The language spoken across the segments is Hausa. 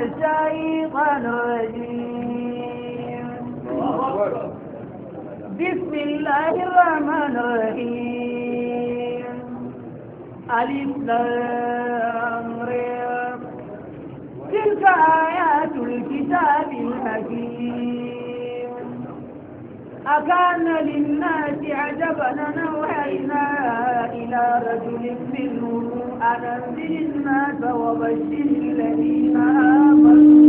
الشيطان الرجيم بسم الله الرحمن الرحيم ألف لامر تلك آيات الكتاب الحكيم أكان للناس عجبا أوحينا إلى رجل منهم وأنزل الناس وبشر الذين آمنوا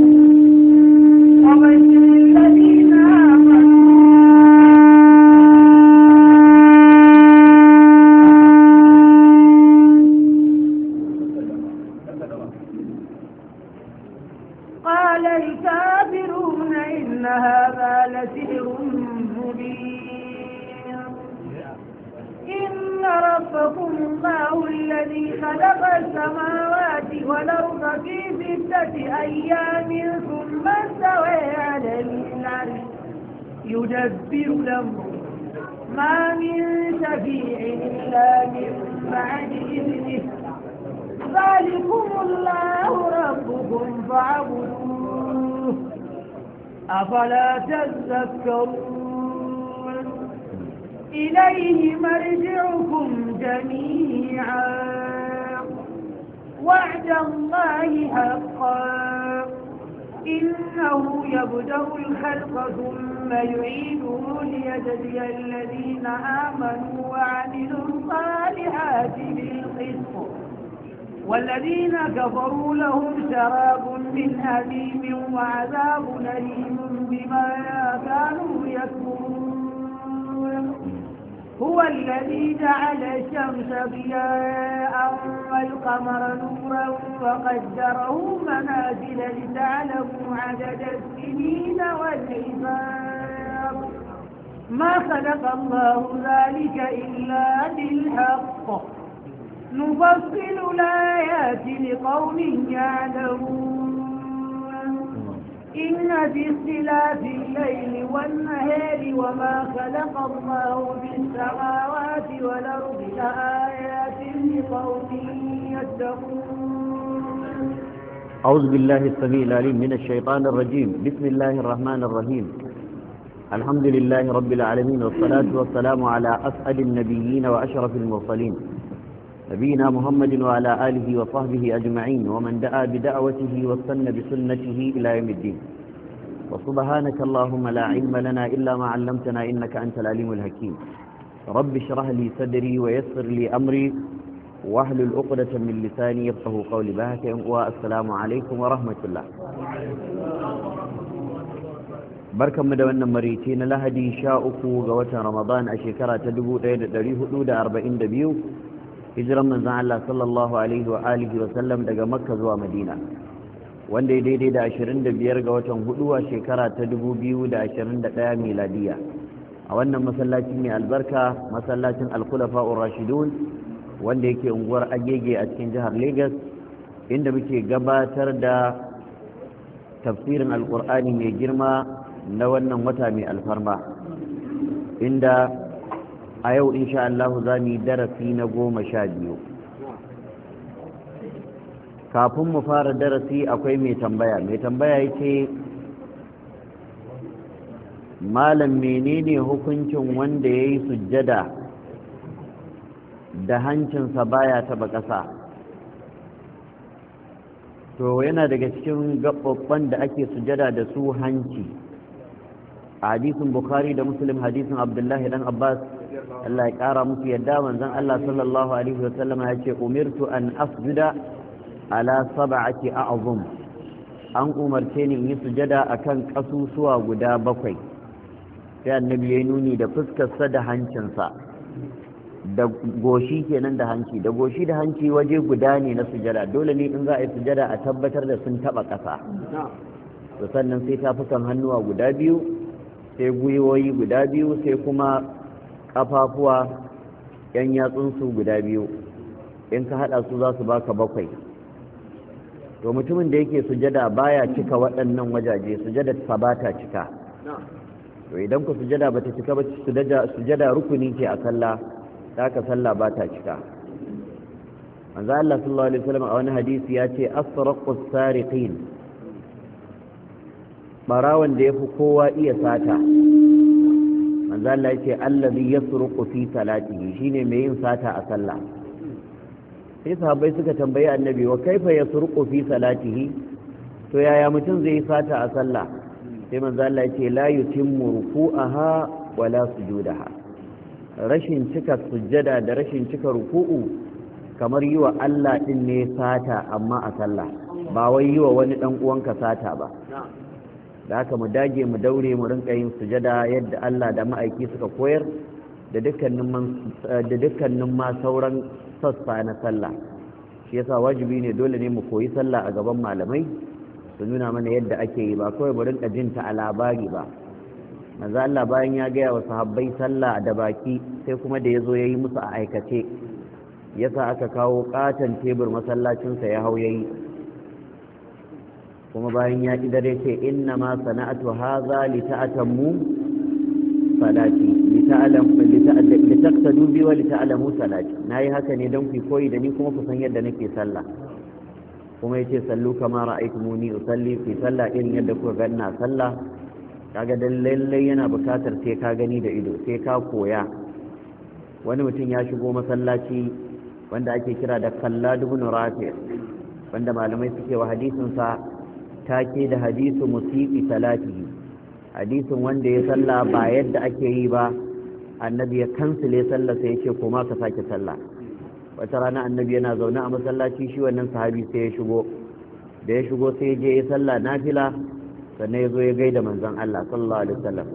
أفلا تذكرون إليه مرجعكم جميعا وعد الله حقا إنه يبدأ الخلق ثم يعيده ليجزي الذين آمنوا وعملوا الصالحات بالقسط والذين كفروا لهم شراب من أليم وعذاب أليم بما كانوا يكفرون هو الذي جعل الشمس ضياء والقمر نورا وقدره منازل لتعلموا عدد السنين والحساب ما خلق الله ذلك إلا بالحق نفصل لا الآيات لقوم يعلمون إن في اختلاف الليل والنهار وما خلق الله في السماوات والأرض لآيات لقوم يتقون أعوذ بالله السميع العليم من الشيطان الرجيم بسم الله الرحمن الرحيم الحمد لله رب العالمين والصلاة والسلام على أسعد النبيين وأشرف المرسلين نبينا محمد وعلى آله وصحبه أجمعين ومن دعا بدعوته واستنى بسنته إلى يوم الدين وسبحانك اللهم لا علم لنا إلا ما علمتنا إنك أنت العليم الحكيم رب اشرح لي صدري ويسر لي أمري واحلل عقدة من لساني يفقه قولي بهك والسلام عليكم ورحمة الله barkan mu da wannan marice na lahadi sha uku ga watan ramadan a shekara ta 1442 hijiran manzan Allah sallallahu alaihi wa alihi wa sallam daga makka zuwa madina wanda ya daidai da 25 ga watan hudu a shekara ta 2021 miladiya a wannan masallaci mai albarka masallacin alkulafa rashidun wanda yake unguwar agege a cikin jihar lagos inda muke gabatar da tafsirin alkur'ani mai girma na wannan wata mai alfarma inda a yau insha Allah za mu yi darasi na goma sha biyu kafin mu fara darasi akwai mai tambaya mai tambaya yake malam menene hukuncin wanda ya yi sujjada da hancinsa baya taba ƙasa to yana daga cikin gaɓaɓɓen da ake sujjada da su hanci a hadisin bukhari da muslim hadisin abdullahi dan abbas Allah ya ƙara muku yadda manzon Allah sallallahu alaihi wasallam ya ce umirtu an asjuda ala sab'ati a'zum an umarce ni in yi sujada akan kasusuwa guda bakwai sai annabi ya nuni da fuskarsa da hancinsa da goshi kenan da hanci da goshi da hanci waje guda ne na sujada dole ne in za a yi sujada a tabbatar da sun taba kasa to sannan sai tafukan hannuwa guda biyu sai gwiwoyi guda biyu sai kuma ƙafafuwa ƴan yatsunsu guda biyu in ka haɗa su za su baka bakwai to mutumin da yake sujada baya cika waɗannan wajaje sujada ta bata cika to idan ku sujada bata cika ba sujada rukuni ce a sallah ta ka sallah bata cika manzo Allah sallallahu alaihi wasallam a wani hadisi ya ce asraqus sariqin barawan da yafi kowa iya sata manzo Allah yace allazi yasruqu fi salatihi shine mai yin sata a sallah sai sahabbai suka tambayi annabi wa kaifa yasruqu fi salatihi to yaya mutum zai yi sata a sallah sai manzo Allah yace la yutimmu ruku'aha wala sujudaha rashin cika sujjada da rashin cika ruku'u kamar yi wa Allah din ne sata amma a sallah ba wai yi wa wani dan uwanka sata ba da aka mu dage mu daure mu rinka yin sujada yadda Allah da ma'aiki suka koyar da dukkanin ma sauran sassa na sallah shi yasa wajibi ne dole ne mu koyi sallah a gaban malamai su nuna mana yadda ake yi ba kawai mu rinka jin ta a labari ba manzo Allah bayan ya gaya wa sahabbai sallah da baki sai kuma da yazo yayi musu a aikace yasa aka kawo katan tebur masallacinsa ya hau yayi kuma bayan ya ƙi dare ce inna ma sana'atu haza li ta'atammu salati li ta'lam li taqtadu bi wa li ta'lamu salati nayi haka ne don ku koyi da ni kuma ku san yadda nake sallah kuma yace sallu kama ra'aytumuni usalli fi sallah irin yadda kuka ga ina sallah kaga dan lallai yana bukatar sai ka gani da ido sai ka koya wani mutum ya shigo masallaci wanda ake kira da kallad ibn rafi wanda malamai suke wa hadisin sa take da hadisu musiki salatihi hadisin wanda ya salla ba yadda ake yi ba annabi ya kansile sallah sai ya ce koma ka sake sallah wata rana annabi yana zaune a masallaci shi wannan sahabi sai ya shigo da ya shigo sai ya je ya sallah nafila sannan ya zo ya gaida manzon Allah sallallahu alaihi wasallam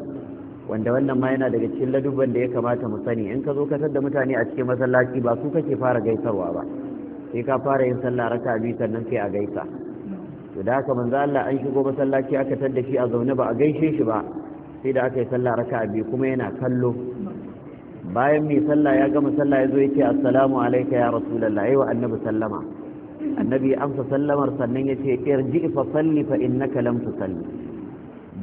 wanda wannan ma yana daga cikin ladubban da ya kamata mu sani in ka zo ka da mutane a cikin masallaci ba su kake fara gaisarwa ba sai ka fara yin sallah raka'a biyu sannan sai a gaisa to da haka manzo Allah an shigo masallaci aka tada shi a zaune ba a gaishe shi ba sai da aka yi sallah raka'a biyu kuma yana kallo bayan mai sallah ya gama sallah ya zo ya ce assalamu alayka ya rasulullah ayi wa annabi sallama annabi amsa sallamar sannan ya ce irji fa salli fa innaka lam tusalli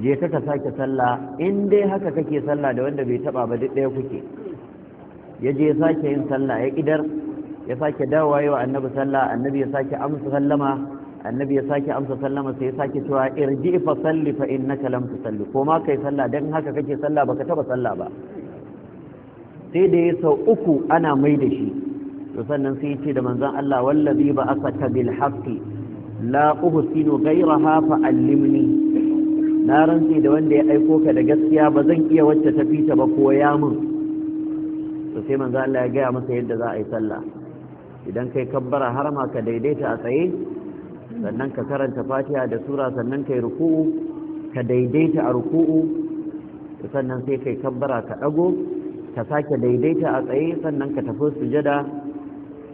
je ka ka sake sallah in dai haka kake sallah da wanda bai taba ba duk daya kuke ya je ya sake yin sallah ya idar ya sake dawowa wa annabi sallah annabi ya sake amsa sallama annabi ya sake amsa sallama sai ya sake cewa irji fa salli fa innaka lam tusalli ko ma kai sallah dan haka kake sallah baka taba sallah ba sai da ya sau uku ana mai da shi to sannan sai ya ce da manzon Allah wallazi ba asaka bil haqqi la uhsinu ghayraha fa allimni na rantsi da wanda ya aiko ka da gaskiya ba zan iya wacce ta ba ko min to sai manzon Allah ya gaya masa yadda za a yi sallah idan kai kabbara har ma ka daidaita a tsaye sannan ka karanta fatiha da sura sannan kai ruku'u ka daidaita a ruku'u sannan sai kai kabbara ka dago ka sake daidaita a tsaye sannan ka tafi sujada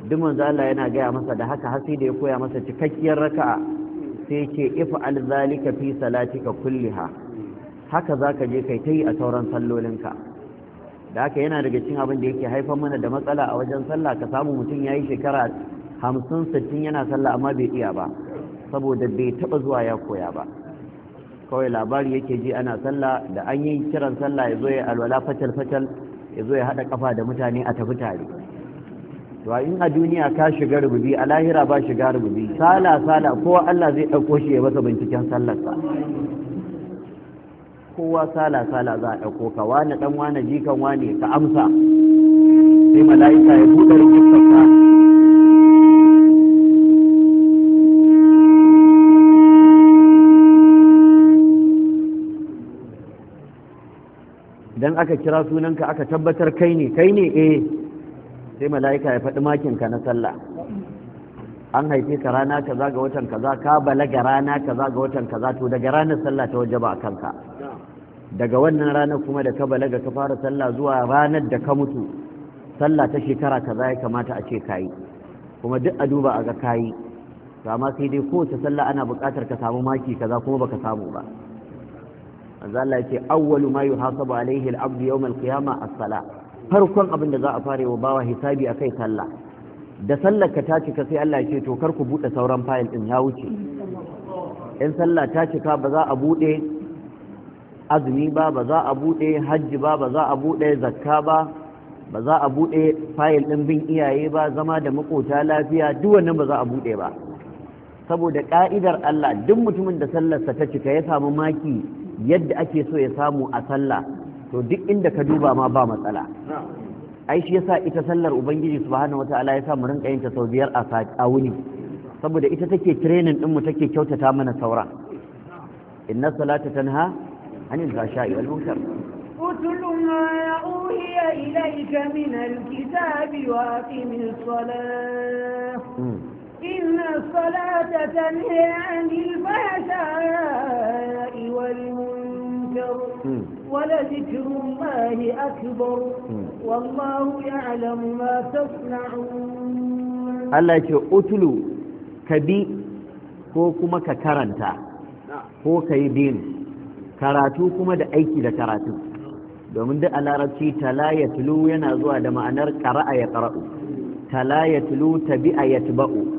duk manzo Allah yana gaya masa da haka har sai da ya koya masa cikakkiyar raka'a sai ce if'al zalika fi salatika kulliha haka zaka je kai tayi a sauran sallolinka da haka yana daga cikin abin da yake haifar mana da matsala a wajen sallah ka samu mutum yayi shekara hamsin sittin yana sallah amma bai iya ba saboda bai taɓa zuwa ya koya ba kawai labari yake ji ana sallah da an yi kiran sallah ya zo ya alwala fatal fatal ya zo ya haɗa kafa da mutane a tafi tare to in a duniya ka shiga rububi a lahira ba shiga rububi sala sala kowa Allah zai ɗauko shi ya masa binciken sallarsa kowa sala sala za a dauko ka wani dan wani jikan wani ka amsa sai mala'ika ya buɗe rikin idan aka kira sunanka aka tabbatar kai ne kai ne eh sai mala'ika ya faɗi ka na sallah an haife ka rana kaza ga watan kaza ka balaga rana kaza ga watan kaza to daga ranar sallah ta wajaba a kanka daga wannan ranar kuma da ka balaga ka fara sallah zuwa ranar da ka mutu sallah ta shekara kaza ya kamata a ce kayi kuma duk a duba a ga kayi to amma sai dai kowace sallah ana buƙatar ka samu maki kaza kuma baka samu ba manzo Allah yake awwalu ma yuhasabu alaihi al-abdu yawm al a as-salah farkon abin da za a fare wa bawa hisabi akai sallah da sallar ka ta cika sai Allah ya ce to kar ku bude sauran fayil din ya wuce in sallah ta cika ba za a bude azumi ba ba za a bude hajji ba ba za a bude zakka ba ba za a bude fayil din bin iyaye ba zama da makota lafiya duk wannan ba za a bude ba saboda ka'idar Allah duk mutumin da sallarsa ta cika ya samu maki yadda ake so ya samu a sallah to duk inda ka duba ma ba matsala ai shi yasa ita sallar ubangiji subhanahu wataala ya sa mu rinka yin ta sau biyar a wuni saboda ita take training din mu take kyautata mana saura inna salata tanha anil fashai wal munkar اتل ما أوهي إليك من الكتاب وأقم الصلاة إن الصلاة تنهي عن الفحشاء والمنكر ولذكر الله أكبر والله يعلم ما تصنعون الله يقول أتلو كبي ko kuma ka karanta ko ka yi bin karatu kuma da aiki da karatu domin duk a larabci tala ya tulu yana zuwa da ma'anar ƙara'a ya ƙara'u tala ya tulu tabi'a ya tuba'u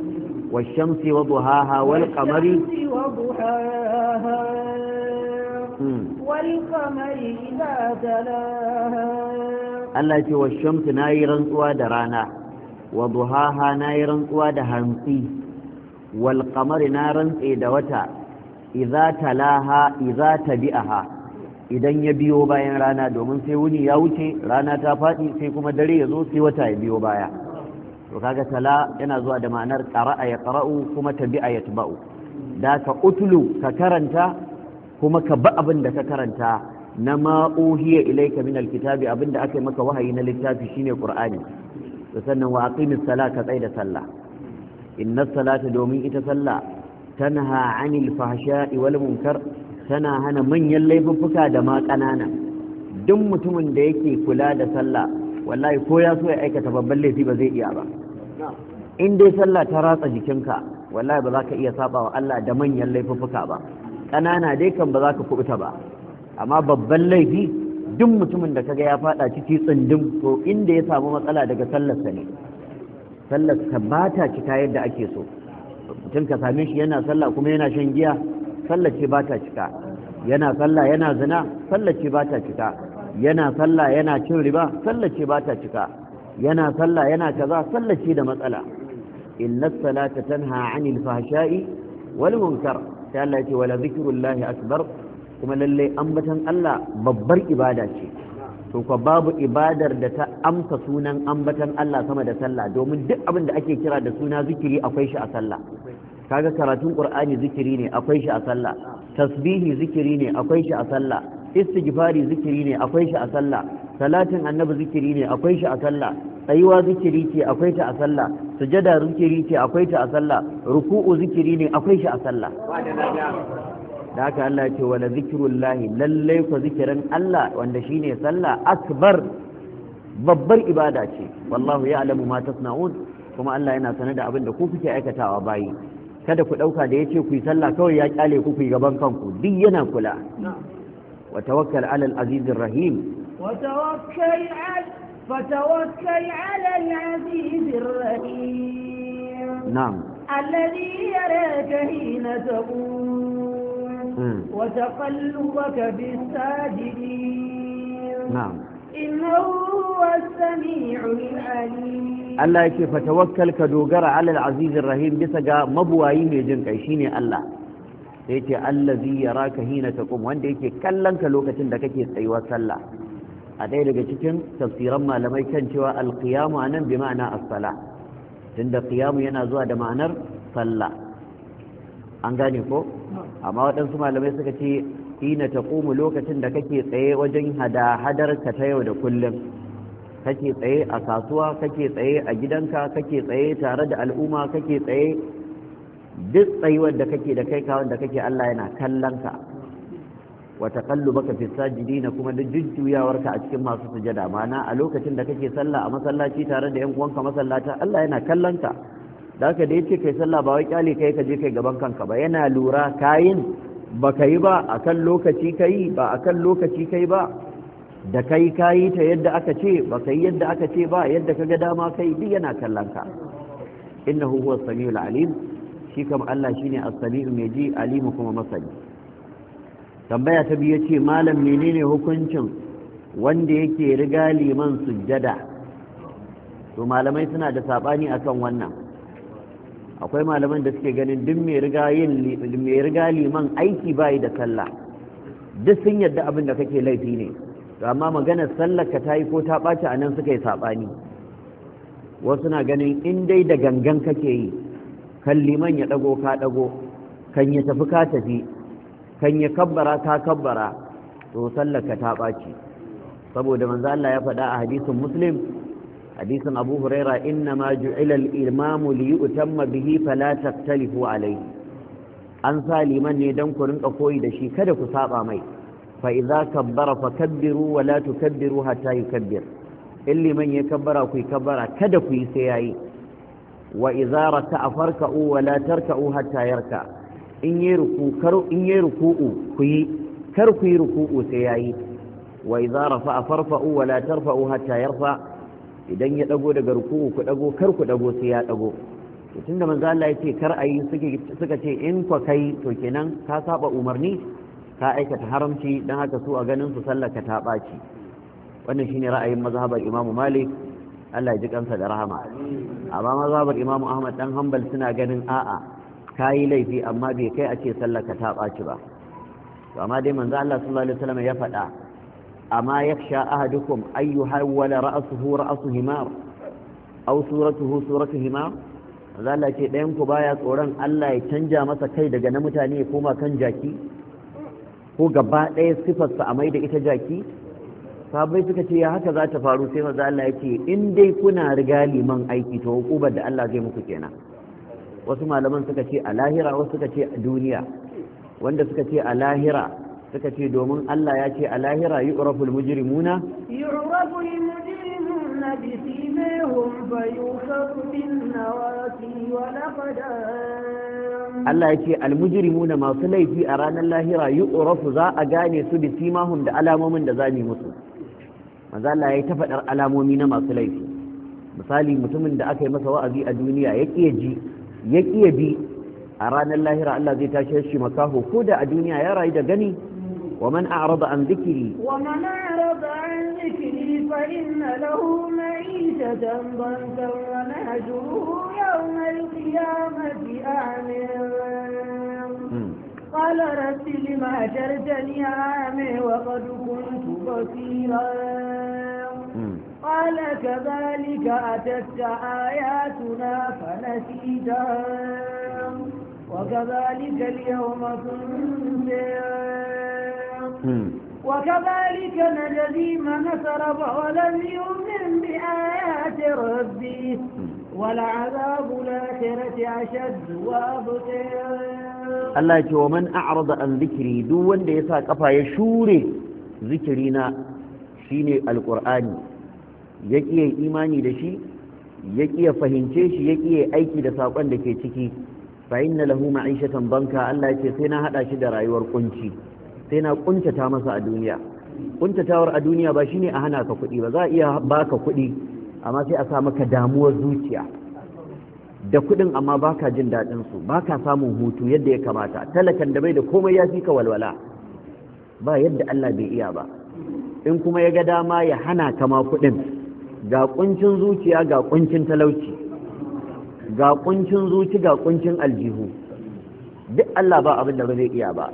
والشمس وضحاها والقمر وضحاها والقمر إذا تلاها الله يقول والشمس نايرا سواد رانا وضحاها نايرا سواد هنسي والقمر نارا إدوتا إذا تلاها إذا تبئها idan ya biyo bayan rana domin sai wuni ya wuce rana ta faɗi sai kuma dare ya zo sai wata ya biyo baya to kaga tala yana zuwa da ma'anar qara'a ya qara'u kuma tabi'a ya taba'u da ka utulu ka karanta kuma ka ba abin da ka karanta na ma'uhiya ilaika min alkitabi abinda aka yi maka wahayi na littafi shine qur'ani to sannan wa aqimis sala ka tsaya da sallah inna salata domin ita sallah tanha anil fahsha'i wal munkar tana hana manyan laifuffuka da ma kanana duk mutumin da yake kula da sallah wallahi ko ya so ya aikata babban laifi ba zai iya ba in dai sallah ta ratsa jikinka wallahi ba za ka iya saba wa Allah da manyan laifuffuka ba ƙanana dai kan ba za ka kubuta ba amma babban laifi duk mutumin da kaga ya fada ciki tsindin to inda ya samu matsala daga sallarsa ne sallarsa ba ta cika yadda ake so mutum ka same shi yana sallah kuma yana shan giya sallar ce ba ta cika yana sallah yana zina sallar ce ba ta cika yana sallah yana cin riba sallar ce ba ta cika yana sallah yana kaza sallar ce da matsala inna salata tanha 'anil fahsha'i wal munkar sai Allah yake wala zikirullahi akbar kuma lallai ambatan Allah babbar ibada ce to babu ibadar da ta amsa sunan ambatan Allah sama da sallah domin duk abin da ake kira da suna zikiri akwai shi a sallah kaga karatun qur'ani zikiri ne akwai shi a sallah tasbihi zikiri ne akwai shi a sallah istighfari zikiri ne akwai shi a sallah salatin annabi zikiri ne akwai shi a sallah tsayuwa zikiri ce akwai ta a sallah sujada zikiri ce akwai ta a sallah ruku'u zikiri ne akwai shi a sallah da haka Allah ce wala zikrullahi lalle ko zikirin Allah wanda shine sallah akbar babbar ibada ce wallahu ya'lamu ma tasna'un kuma Allah yana sanar da abin da ku kuke aikatawa bayi kada ku dauka da yace ku yi sallah kawai ya kyale ku ku yi gaban kanku duk yana kula wa tawakkal alal azizir rahim wa tawakkal فتوكل على العزيز الرحيم نعم الذي يراك حين تقوم وتقلبك في الساجدين نعم Allah yake fatawakkal ka dogara alal azizir rahim bisa ga mabuwayi mai jin kai shine Allah sai ce Allah zai yara ka hina ta wanda yake kallon ka lokacin da kake tsayuwa sallah a ɗaya daga cikin tafsiran malamai kan cewa alƙiyamu a nan bi ma'ana as-sala tunda ƙiyamu yana zuwa da ma'anar sallah an gane ko amma waɗansu malamai suka ce ina ta lokacin da kake tsaye wajen hada-hadar ka ta yau da kullum kake tsaye a kasuwa kake tsaye a gidanka kake tsaye tare da al'umma kake tsaye duk tsayuwar da kake da kai kawon da kake Allah yana kallon ka wa taqallubaka fi sajidina kuma da jujjuyawarka a cikin masu sujada mana a lokacin da kake sallah a masallaci tare da yan uwanka masallata Allah yana kallon ka da haka da yace kai sallah ba wai kyale kai ka je kai gaban kanka ba yana lura kayin ba kai ba akan lokaci kai ba akan lokaci kai ba da kai kayi ta yadda aka ce ba kai yadda aka ce ba yadda kaga dama kai duk yana kallon ka innahu huwa samiul alim shi kam Allah shine as-sami'u mai ji alimu kuma masani tambaya ta biyu ce malam menene hukuncin wanda yake riga liman sujjada to malamai suna da sabani akan wannan akwai malaman da suke ganin duk mai riga yin mai riga liman aiki bai da sallah duk sun yadda abin da kake laifi ne to amma maganar sallar ka tayi ko ta ɓaci anan suka yi sabani wasu na ganin in dai da gangan kake yi kan liman ya dago ka dago kan ya tafi ka tafi kan ya kabbara ka kabbara to sallaka ta ɓaci saboda manzo Allah ya faɗa a hadisin muslim hadisin abu huraira inna ma ju'ila al-imamu li yutamma bihi fala taktalifu alayhi an sa liman ne dan ku rinka koyi da shi kada ku saba mai fa idza kabbara kabbiru wa la tukabbiru hatta yukabbir in liman ya kabbara ku kabbara kada ku yi sai yayi wa idza raka'a farka'u wa la tarka'u hatta yarka' in yi ruku in yi ruku'u ku yi kar kuyi yi ruku'u sai yayi wa idza rafa farfa'u wa la tarfa'u hatta yarfa idan ya dago daga ruku'u ku dago kar ku dago sai ya dago to tunda manzo Allah ya ce kar ayi suka ce in ku kai to kenan ka saba umarni ka aikata haramci dan haka su a ganin su sallaka ta baci wannan shine ra'ayin mazhabar Imam Malik Allah ya ji kansa da rahama amma mazhabar Imam Ahmad dan Hanbal suna ganin a'a Kayi laifi amma bai kai a ce sallaka ta ɓaci ba to amma dai manzo Allah sallallahu alaihi wasallam ya faɗa amma yaksha ahadukum ayu hawala ra'suhu ra'su himar aw suratuhu suratu himar manzo ce ɗayan ku baya tsoron Allah ya canja masa kai daga na mutane ya koma kan jaki ko gaba ɗaya sa amai da ita jaki sabai suka ce ya haka za ta faru sai manzo Allah ya ce in dai kuna riga liman aiki to hukubar da Allah zai muku kenan wasu malaman suka ce a lahira wasu suka ce a duniya wanda suka ce a lahira suka ce domin Allah ya ce a lahira yi yu'raful mujrimuna yu'raful mujrimuna bi simahum fa yukhadu bin nawati wa laqadam Allah ya ce almujirimuna masu laifi a ranar lahira yi urafu za a gane su bi simahum da alamomin da zamu musu manzo Allah ya ta faɗar alamomi na masu laifi misali mutumin da aka yi masa wa'azi a duniya ya ƙi ji ya ƙiya bi a ranar lahira Allah zai tashe shi makaho ko da a duniya ya rayu da gani wa man a'rada an zikiri wa man a'rada an zikiri fa inna lahu ma'ishatan bankan wa nahjuruhu yawma al-qiyamati amin قال رب لما أجرتني عامي وقد كنت بصيرا قال كذلك أتت آياتنا فنسيتها وكذلك اليوم تنسى وكذلك نجزي من سرب ولم يؤمن بآيات ربه ولعذاب الآخرة أشد وأبتر الله يقول wa أعرض عن ذكري دون duk wanda ya ذكرينا shine alƙur'ani ya ƙiye imani da shi ya ƙiye fahimce shi ya ƙiye aiki da saƙon da ke ciki fa inna lahu ma'ishatan banka Allah ce sai na haɗa shi da rayuwar kunci sai na kuntata masa a duniya kuntatawar a duniya ba shine a hana ka kuɗi ba za a iya baka kuɗi amma sai a sa maka damuwar zuciya da kuɗin amma baka jin daɗin su baka samun hutu yadda ya kamata talakan da bai da komai ya fi ka walwala ba yadda Allah bai iya ba in kuma ya ga dama ya hana kama kuɗin ga kuncin zuciya ga kuncin talauci ga kuncin zuci ga kuncin aljihu duk Allah ba abin da ba zai iya ba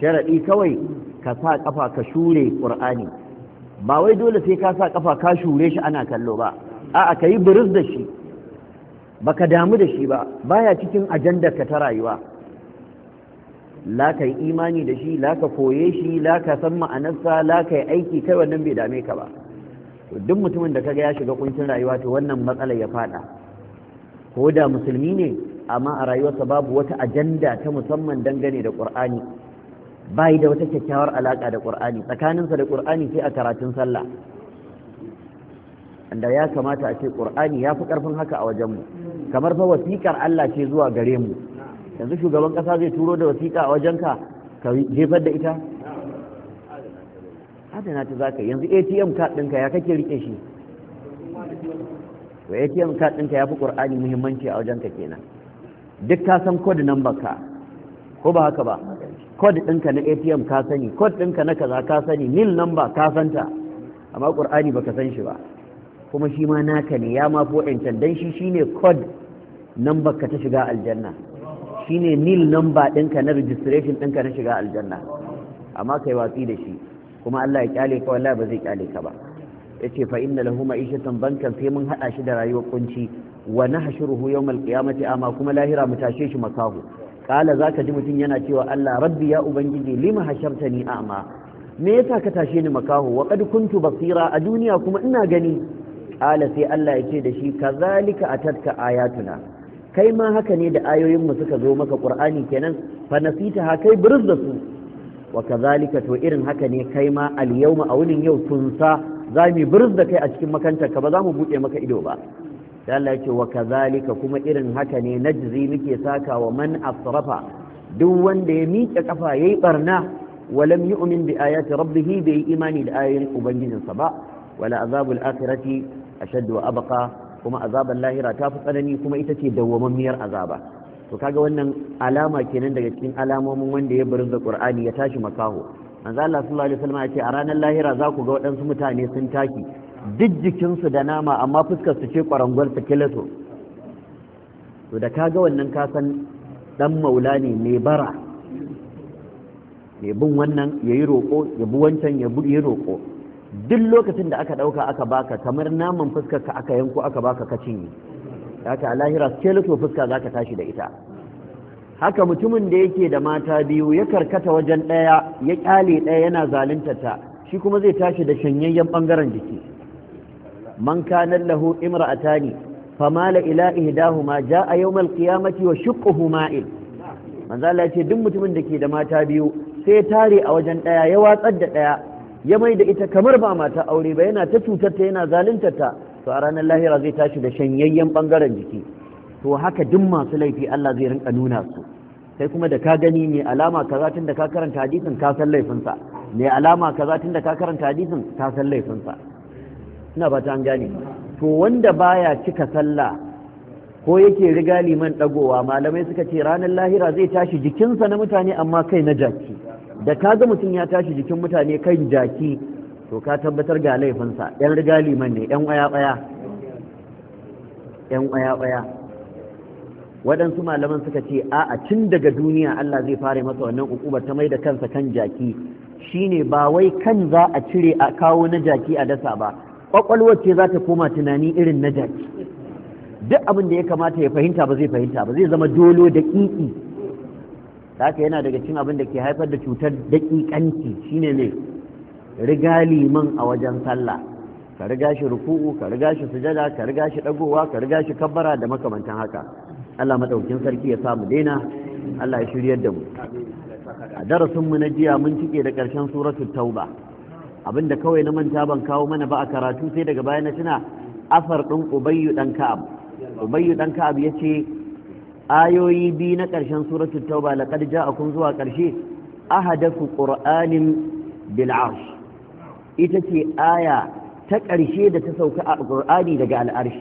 sharaɗi kawai ka sa ƙafa ka shure ƙur'ani ba wai dole sai ka sa kafa ka shure shi ana kallo ba a'a ka yi buruz da shi baka damu da shi ba baya cikin ajandar ka ta rayuwa la yi imani da shi laka koye shi laka ka san ma'anarsa la yi aiki kai wannan bai dame ka ba to duk mutumin da kaga ya shiga kuncin rayuwa to wannan matsalar ya fada ko da musulmi ne amma a rayuwarsa babu wata ajanda ta musamman dangane da qur'ani bai da wata kyakkyawar alaka da qur'ani tsakaninsa da qur'ani sai a karatun sallah da ya kamata a ce qur'ani ya fi karfin haka a wajenmu kamar fa wasiƙar Allah ce zuwa gare mu yanzu shugaban kasa zai turo da wasiƙa a wajenka ka jefar da ita adana ta za ka yanzu atm card ɗinka ya kake rike shi to atm card ɗinka ya fi ƙur'ani muhimmanci a wajenka kenan duk ka san code number ka ko ba haka ba code ɗinka na atm ka sani code ɗinka na kaza ka sani nil number ka santa amma ƙur'ani baka san shi ba kuma shi ma naka ne ya ma fi waɗancan dan shi shine code number ka ta shiga aljanna shine nil number ɗinka na registration ɗinka na shiga aljanna amma kai watsi da shi kuma Allah ya kyale ka wallahi ba zai kyale ka ba yace fa inna lahu ma'ishatan bankan sai mun hada shi da rayuwar kunci wa nahshuruhu yawmal qiyamati amma kuma lahira mu tashe shi makahu kala zaka ji mutun yana cewa Allah rabbi ya ubangiji lima hashartani amma. me yasa ka tashe ni makahu wa qad kuntu basira a duniya kuma ina gani Ƙala sai Allah yace da shi kazalika atatka ayatuna kai ma haka ne da ayoyinmu suka zo maka qur'ani kenan fa nasita ha kai buruz da su wa kazalika to irin haka ne kai ma al yawma a wurin yau tunsa za mu buruz da kai a cikin makantar ka ba za mu buɗe maka ido ba sai Allah wa kazalika kuma irin haka ne najzi muke saka wa man asrafa duk wanda ya miƙe kafa yayi barna walam yu'min bi ayati rabbih bai imani da ayoyin ubangijinsa ba wala azabul akhirati ashaddu wa kuma azaban lahira ta fi tsanani kuma ita ce dawwamammiyar azaba to kaga wannan alama kenan daga cikin alamomin wanda ya bari da qur'ani ya tashi makaho manzo Allah sallallahu alaihi wasallam ya ce a ranar lahira za ku ga waɗansu mutane sun tashi duk jikinsu da nama amma fuskar su ce kwarangwar su kilato to da kaga wannan ka san dan maula ne mai bara mai bin wannan yayi yi roƙo ya bi wancan ya yi roƙo duk lokacin da aka ɗauka aka baka kamar naman fuskar ka aka yanku aka baka ka cinye haka a lahira skeleton fuska za ka tashi da ita haka mutumin da yake da mata biyu ya karkata wajen ɗaya ya kyale ɗaya yana zalunta ta shi kuma zai tashi da shanyayyen ɓangaren jiki man kanan lahu imra'atani famala ila ihdahuma ja'a yawmal qiyamati wa shiqquhu ma'il manzala ya ce duk mutumin da ke da mata biyu sai tare a wajen ɗaya ya watsar da ɗaya ya mai da ita kamar ba mata aure ba yana ta cutar ta yana ta, to a ranar lahira zai tashi da shanyayyen bangaren jiki to haka duk masu laifi Allah zai rinka nuna su kai kuma da ka gani mai alama kaza tunda ka karanta hadisin ka san laifinsa mai alama kaza tunda ka karanta hadisin ka san laifinsa ina ba ta an gane to wanda baya cika sallah ko yake riga liman dagowa malamai suka ce ranar lahira zai tashi jikinsa na mutane amma kai na jaki da ka ga mutum ya tashi jikin mutane kan jaki to ka tabbatar ga laifinsa yan riga liman ne yan ƙwaya-ƙwaya yan ƙwaya-ƙwaya waɗansu malaman suka ce a a tun daga duniya Allah zai fara masa wannan ukubar ta mai da kansa kan jaki Shi ne ba wai kan za a cire a kawo na jaki a dasa ba ƙwaƙwalwar ce za ta koma tunani irin na jaki duk abin da ya kamata ya fahimta ba zai fahimta ba zai zama dolo da ƙiƙi haka yana daga cin abin da ke haifar da cutar daƙiƙanci shine ne riga liman a wajen sallah ka riga shi ruku'u ka riga shi sujada ka riga shi dagowa ka riga shi kabbara da makamantan haka Allah madaukin sarki ya samu daina Allah ya shiryar da mu a darasin mu na jiya mun cike da karshen suratul tauba abinda kawai na manta ban kawo mana ba a karatu sai daga baya na tuna afar din ubayyu dan ka'ab ubayyu dan ka'ab yace ayoyi biyu na ƙarshen suratul tauba laqad ja'akum zuwa ƙarshe ahdathu qur'anin bil arsh ita ce aya ta ƙarshe da ta sauka a qur'ani daga al arsh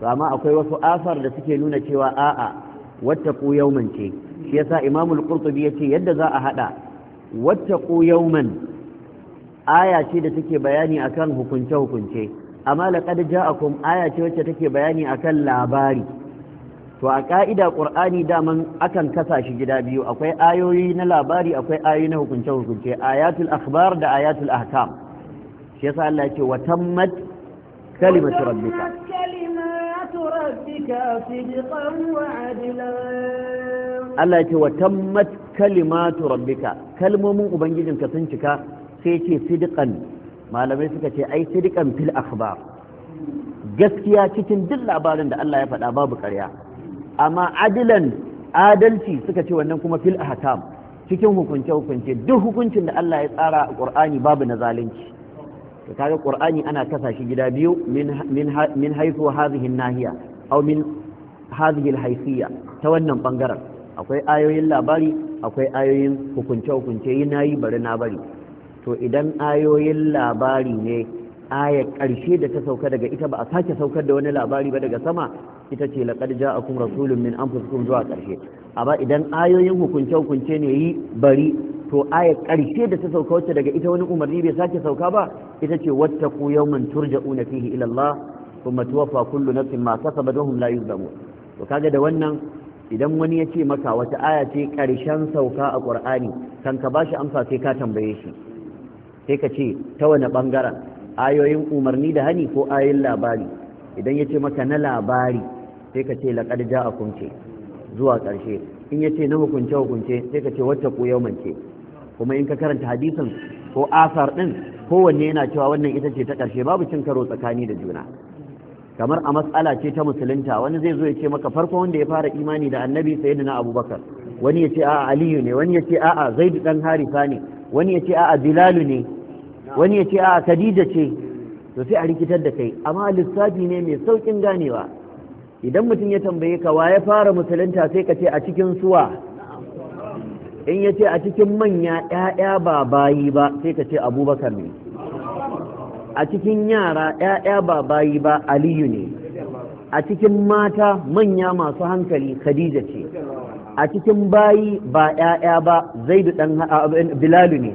to amma akwai wasu asar da suke nuna cewa a'a wattaqu yawman ce shi yasa imamul qurtubi yace yadda za a hada wattaqu yawman aya ce da take bayani akan hukunce hukunce amma laqad ja'akum aya ce wacce take bayani akan labari to a ƙa'ida ƙur'ani daman akan kasa shi gida biyu akwai ayoyi na labari akwai ayoyi na hukunce hukunce ayatul akhbar da ayatul ahkam shi yasa Allah ya ce wa tammat kalimatu rabbika Allah ya ce wa tammat kalimatu rabbika kalmomin ubangijinka sun cika sai ce sidqan malamai suka ce ai sidqan fil akhbar gaskiya cikin duk labarin da Allah ya faɗa babu ƙarya amma adilan adalci suka ce wannan kuma fil ahkam cikin hukunce hukunce duk hukuncin da Allah ya tsara a Qur'ani babu na zalunci to kaga Qur'ani ana kasa shi gida biyu min min min haythu hadhihi nahiya aw min hadhihi ta wannan bangaren akwai ayoyin labari akwai ayoyin hukunce hukunce yi nayi bari na bari to idan ayoyin labari ne ayar ƙarshe da ta sauka daga ita ba a sake saukar da wani labari ba daga sama ita ce laqad ja'akum rasulun min anfusikum zuwa ƙarshe amma idan ayoyin hukunce hukunce ne yi bari to ayar ƙarshe da ta sauka wacce daga ita wani umarni bai sake sauka ba ita ce wattaqu yawman turja'una fihi ila Allah thumma tuwaffa kullu nafsin ma a wa la yuzlamu to kaga da wannan idan wani ya ce maka wata aya ce ƙarshen sauka a ƙur'ani kan ka shi amsa sai ka tambaye shi sai ka ce ta wani ɓangaren ayoyin umarni da hani ko ayoyin labari idan ya ce maka na labari sai ka ce laƙar ja a kunce zuwa ƙarshe in ya ce na hukunce hukunce sai ka ce wacce ku yau mance kuma in ka karanta hadisin ko asar ɗin kowanne yana cewa wannan ita ce ta ƙarshe babu cin karo tsakani da juna kamar a matsala ce ta musulunta wani zai zo ya ce maka farko wanda ya fara imani da annabi sayyidina abubakar wani ya ce a'a aliyu ne wani ya ce a'a zaid dan Harifa ne wani ya ce a'a bilalu ne wani ya ce a Kadija ce to sai a rikitar da kai amma lissafi ne mai saukin ganewa idan mutum ya tambaye ka wa ya fara musulunta sai ka ce a cikin suwa in ya ce a cikin manya ‘ya'ya ba bayi ba sai ka ce abubakar ne a cikin yara ‘ya'ya ba bayi ba aliyu ne a cikin mata manya masu hankali khadija ce a cikin bayi ba ‘ya'ya ba zaidu ɗan bilalu ne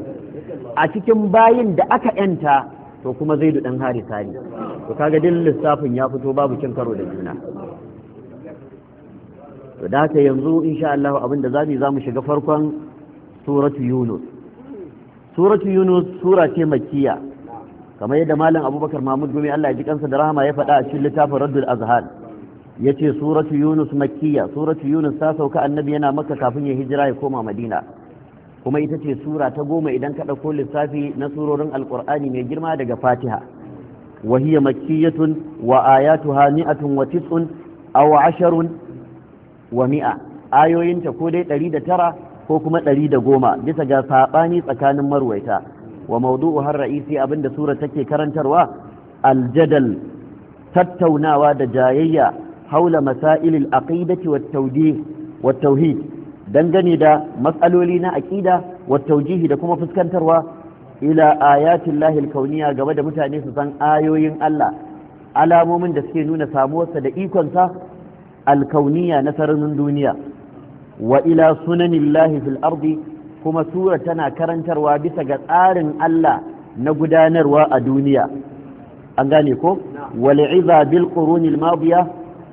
a cikin bayin da aka yanta to kuma zai dan hari ne to kaga din lissafin ya fito babu cin karo da juna to da haka yanzu insha Allah abin da zamu zamu shiga farkon suratu yunus suratu yunus sura ce makkiya kamar yadda malam abubakar mahmud gumi Allah ya ji kansa da rahama ya faɗa a cikin littafin raddul azhar yace suratu yunus makkiya suratu yunus ta sauka annabi yana makka kafin ya hijira ya koma madina kuma ita ce sura ta goma idan ka ɗauko lissafi na surorin alƙur'ani mai girma daga fatiha wa hiya makkiyatun wa ayatuha mi'atun wa tis'un aw asharun wa mi'a ayoyinta ko dai ɗari da tara ko kuma ɗari da goma bisa ga saɓani tsakanin marwaita wa maudu'u har ra'isi abinda sura take karantarwa aljadal tattaunawa da jayayya haula masailil aqidati wat tawdih wat tauhid dangane da matsaloli na aƙida wa taujihi da kuma fuskantarwa ila ayatin lahil kauniya game da mutane su san ayoyin Allah alamomin da suke nuna samuwarsa da ikonsa alkauniya na sararin duniya wa ila sunanin lahi fil ardi kuma sura tana karantarwa bisa ga tsarin Allah na gudanarwa a duniya an gane ko wal'iza bil qurunil madiya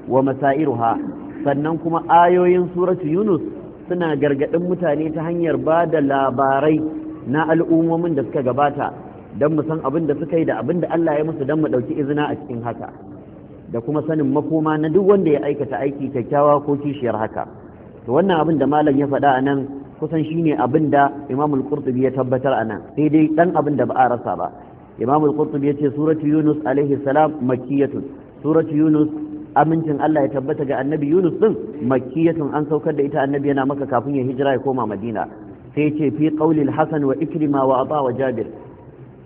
wa masairuha sannan kuma ayoyin suratu yunus suna gargaɗin mutane ta hanyar ba da labarai na al'ummomin da suka gabata don mu san abin da suka yi da abin da Allah ya musu don mu ɗauki izina a cikin haka da kuma sanin makoma na duk wanda ya aikata aiki kyakkyawa ko kishiyar haka to wannan abin da malam ya faɗa a nan kusan shine abin da Imam Al-Qurtubi ya tabbatar a nan sai dai dan abin da ba a rasa ba Imam Al-Qurtubi ya ce suratu Yunus alaihi salam makkiyatun suratu Yunus amincin Allah ya tabbata ga annabi Yunus din makkiyatun an saukar da ita annabi yana maka kafin ya hijira ya koma Madina sai ce fi qaulil Hasan wa Ikrima wa Aba wa Jabir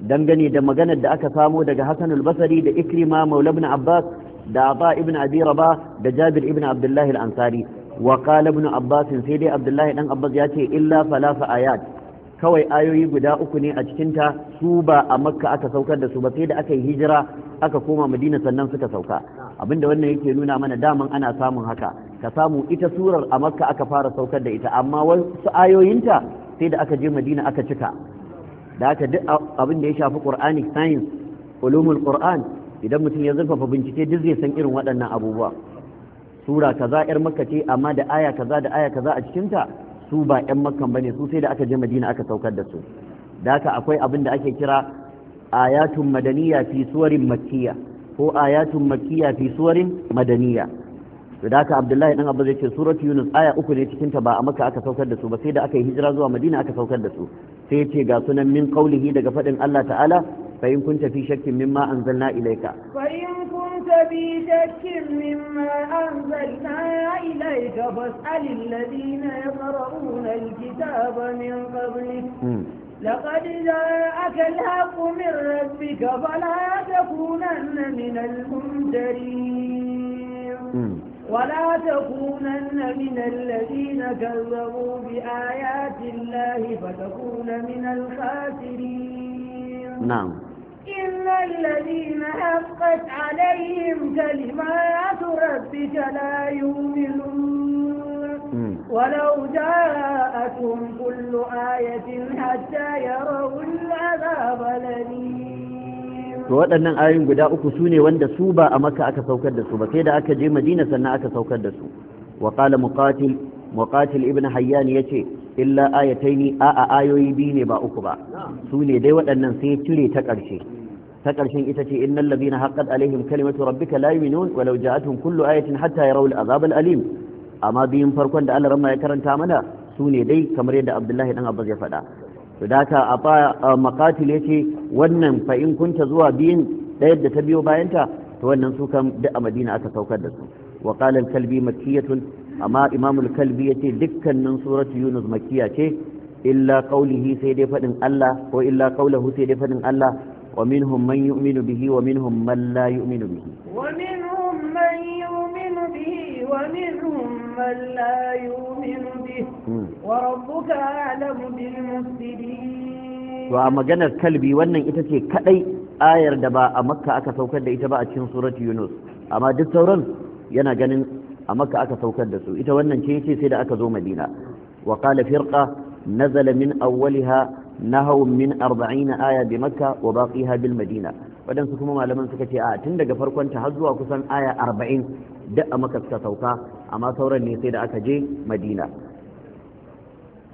dangane da maganar da aka samo daga Hasan al da Ikrima Maula Abbas da Aba ibn Abi Rabah da Jabir ibn Abdullahi al-Ansari wa qala ibn Abbas sai dai Abdullahi dan Abbas ya ce illa falafa ayat kawai ayoyi guda uku ne a cikinta su ba a makka aka saukar da su ba sai da aka yi hijira aka koma madina sannan suka sauka abinda wannan yake nuna mana daman ana samun haka ka samu ita surar a makka aka fara saukar da ita amma wasu ayoyinta sai da aka je madina aka cika da aka duk abin da ya shafi qur'ani science ulumul qur'an idan mutum ya zurfafa bincike duk zai san irin waɗannan abubuwa sura kaza yar makka ce amma da aya kaza da aya kaza a cikin ta su ba yan makkan bane su sai da aka je madina aka saukar da su da haka akwai abin da ake kira ayatun madaniya fi suwarin makkiyya ko ayatun makkiya fi suwarin madaniya to da haka abdullahi dan abba zai ce suratu yunus aya uku ne cikin ta ba a maka aka saukar da su ba sai da aka yi hijira zuwa madina aka saukar da su sai ya ce ga sunan min qaulihi daga fadin Allah ta'ala fa in kunta fi shakkin mimma anzalna ilayka fa in kunta fi shakkin mimma anzalna ilayka fas'al alladhina yaqra'una alkitaba min qablihi hmm. لقد جاءك الحق من ربك فلا تكونن من الممترين ولا تكونن من الذين كذبوا بآيات الله فتكون من الخاسرين نعم إن الذين حقت عليهم كلمات ربك لا يؤمنون ولو جاءتهم كل آية حتى يروا العذاب الأليم to waɗannan ayoyin guda uku su ne wanda su ba a maka aka saukar da su ba sai da aka je madina sannan aka saukar da su wa qala muqatil muqatil ce hayyan yace illa ayataini a ayoyi biyu ne ba uku ba su ne dai waɗannan sai cire ta ƙarshe ta ƙarshen ita ce innal ladina haqqat alaihim kalimatu rabbika la yu'minun walau ja'atuhum kullu ayatin hatta yarawul azabal alim amma biyun farkon da Allah ramma ya karanta mana su ne dai kamar yadda Abdullahi dan Abbas ya faɗa to da haka a makatil yace wannan fa in kunta zuwa biyun daya da ta biyo bayanta to wannan su kan duk a Madina aka saukar da su wa qala al-kalbi makkiyatun amma Imam al-kalbi yace dukkanin suratu Yunus makkiya ce illa qawlihi sai dai faɗin Allah ko illa qawluhu sai dai faɗin Allah ومنهم من يؤمن به ومنهم من لا يؤمن به ومنهم من يؤمن به من لا يؤمن به وربك أعلم بالمفسدين ومجنى الكلبي وأن إتتي كأي آية دبا أمكة أكا توكد دا إتبا أتشين سورة يونس أما دي ثورا ينا جنن أمكة أكا توكد دا سو إتا وأن شيء سيدا أكا زو مدينة وقال فرقة نزل من أولها نهو من أربعين آية بمكة وباقيها بالمدينة waɗansu kuma malaman suka ce a tun daga farkon ta har zuwa kusan aya arba'in duk a maka suka sauka amma sauran ne sai da aka je madina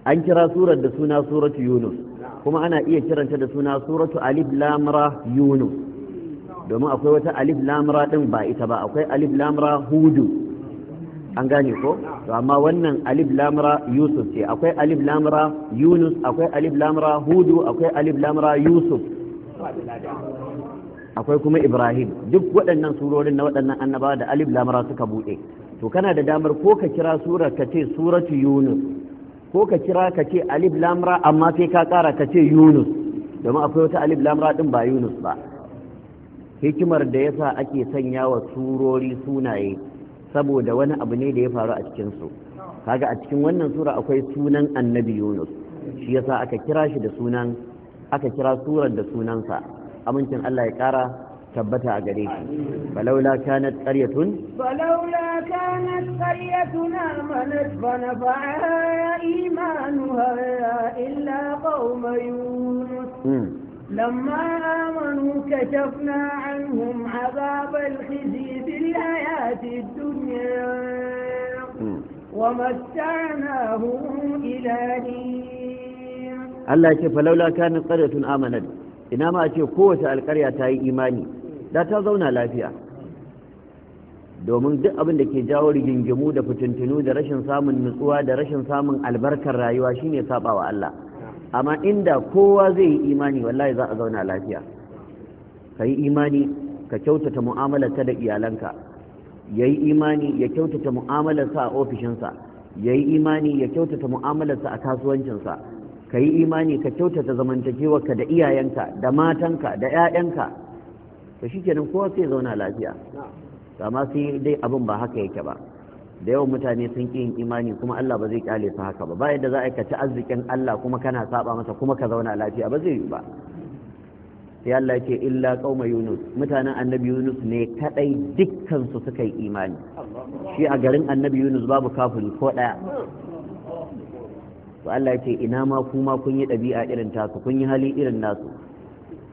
an kira surar da suna suratu yunus kuma ana iya kiranta da suna suratu alif lamra yunus domin akwai wata alif lamra din ba ita ba akwai alif lamra hudu an gane ko to amma wannan alif lamra yusuf ce akwai alif lamra yunus akwai alif lamra hudu akwai alif lamra yusuf akwai kuma ibrahim duk waɗannan surorin na waɗannan annabawa da alif lamara suka buɗe to kana da damar ko ka kira surar ka ce suratu yunus ko ka kira ka ce alif lamara amma sai ka ƙara ka ce yunus domin akwai wata alif lamara ɗin ba yunus ba hikimar da yasa ake sanya wa surori sunaye saboda wani abu ne da ya faru a cikinsu kaga a cikin wannan sura akwai sunan annabi yunus shi yasa aka kira shi da sunan aka kira surar da sunansa أمنتم ألا يكارا ثبتها أجريك فلولا كانت قرية فلولا كانت قرية آمنت فنفعها إيمانها إلا قوم يونس لما آمنوا كشفنا عنهم عذاب الخزي في الحياة الدنيا ومتعناهم إلى حين الله يشفى لولا كانت قرية آمنت ina ma a ce kowace alkarya ta yi imani da ta zauna lafiya domin duk abin da ke jawo rigingimu da fitintunu da rashin samun nutsuwa da rashin samun albarkar rayuwa shine sabawa Allah amma inda kowa zai yi imani wallahi za a zauna lafiya ka yi imani ka kyautata mu'amalarka da iyalanka ya yi imani ya kyautata mu'amalarsa a ofishinsa ya yi imani ya kyautata mu'amalarsa a kasuwancinsa ka yi imani ka kyautata zamantakewa ka da iyayenka da matanka da 'ya'yanka to shikenan kowa sai zauna lafiya amma sai dai abin ba haka yake ba da yawan mutane sun ƙi yin imani kuma Allah ba zai ƙyale su haka ba bayan da za a aikata arzikin Allah kuma kana saba masa kuma ka zauna lafiya ba zai yi ba sai Allah ce illa qauma yunus mutanen annabi yunus ne kadai dukkan su suka yi imani shi a garin annabi yunus babu kafin ko ɗaya. to Allah ce ina ma kuma kun yi ɗabi'a irin tasu kun yi hali irin nasu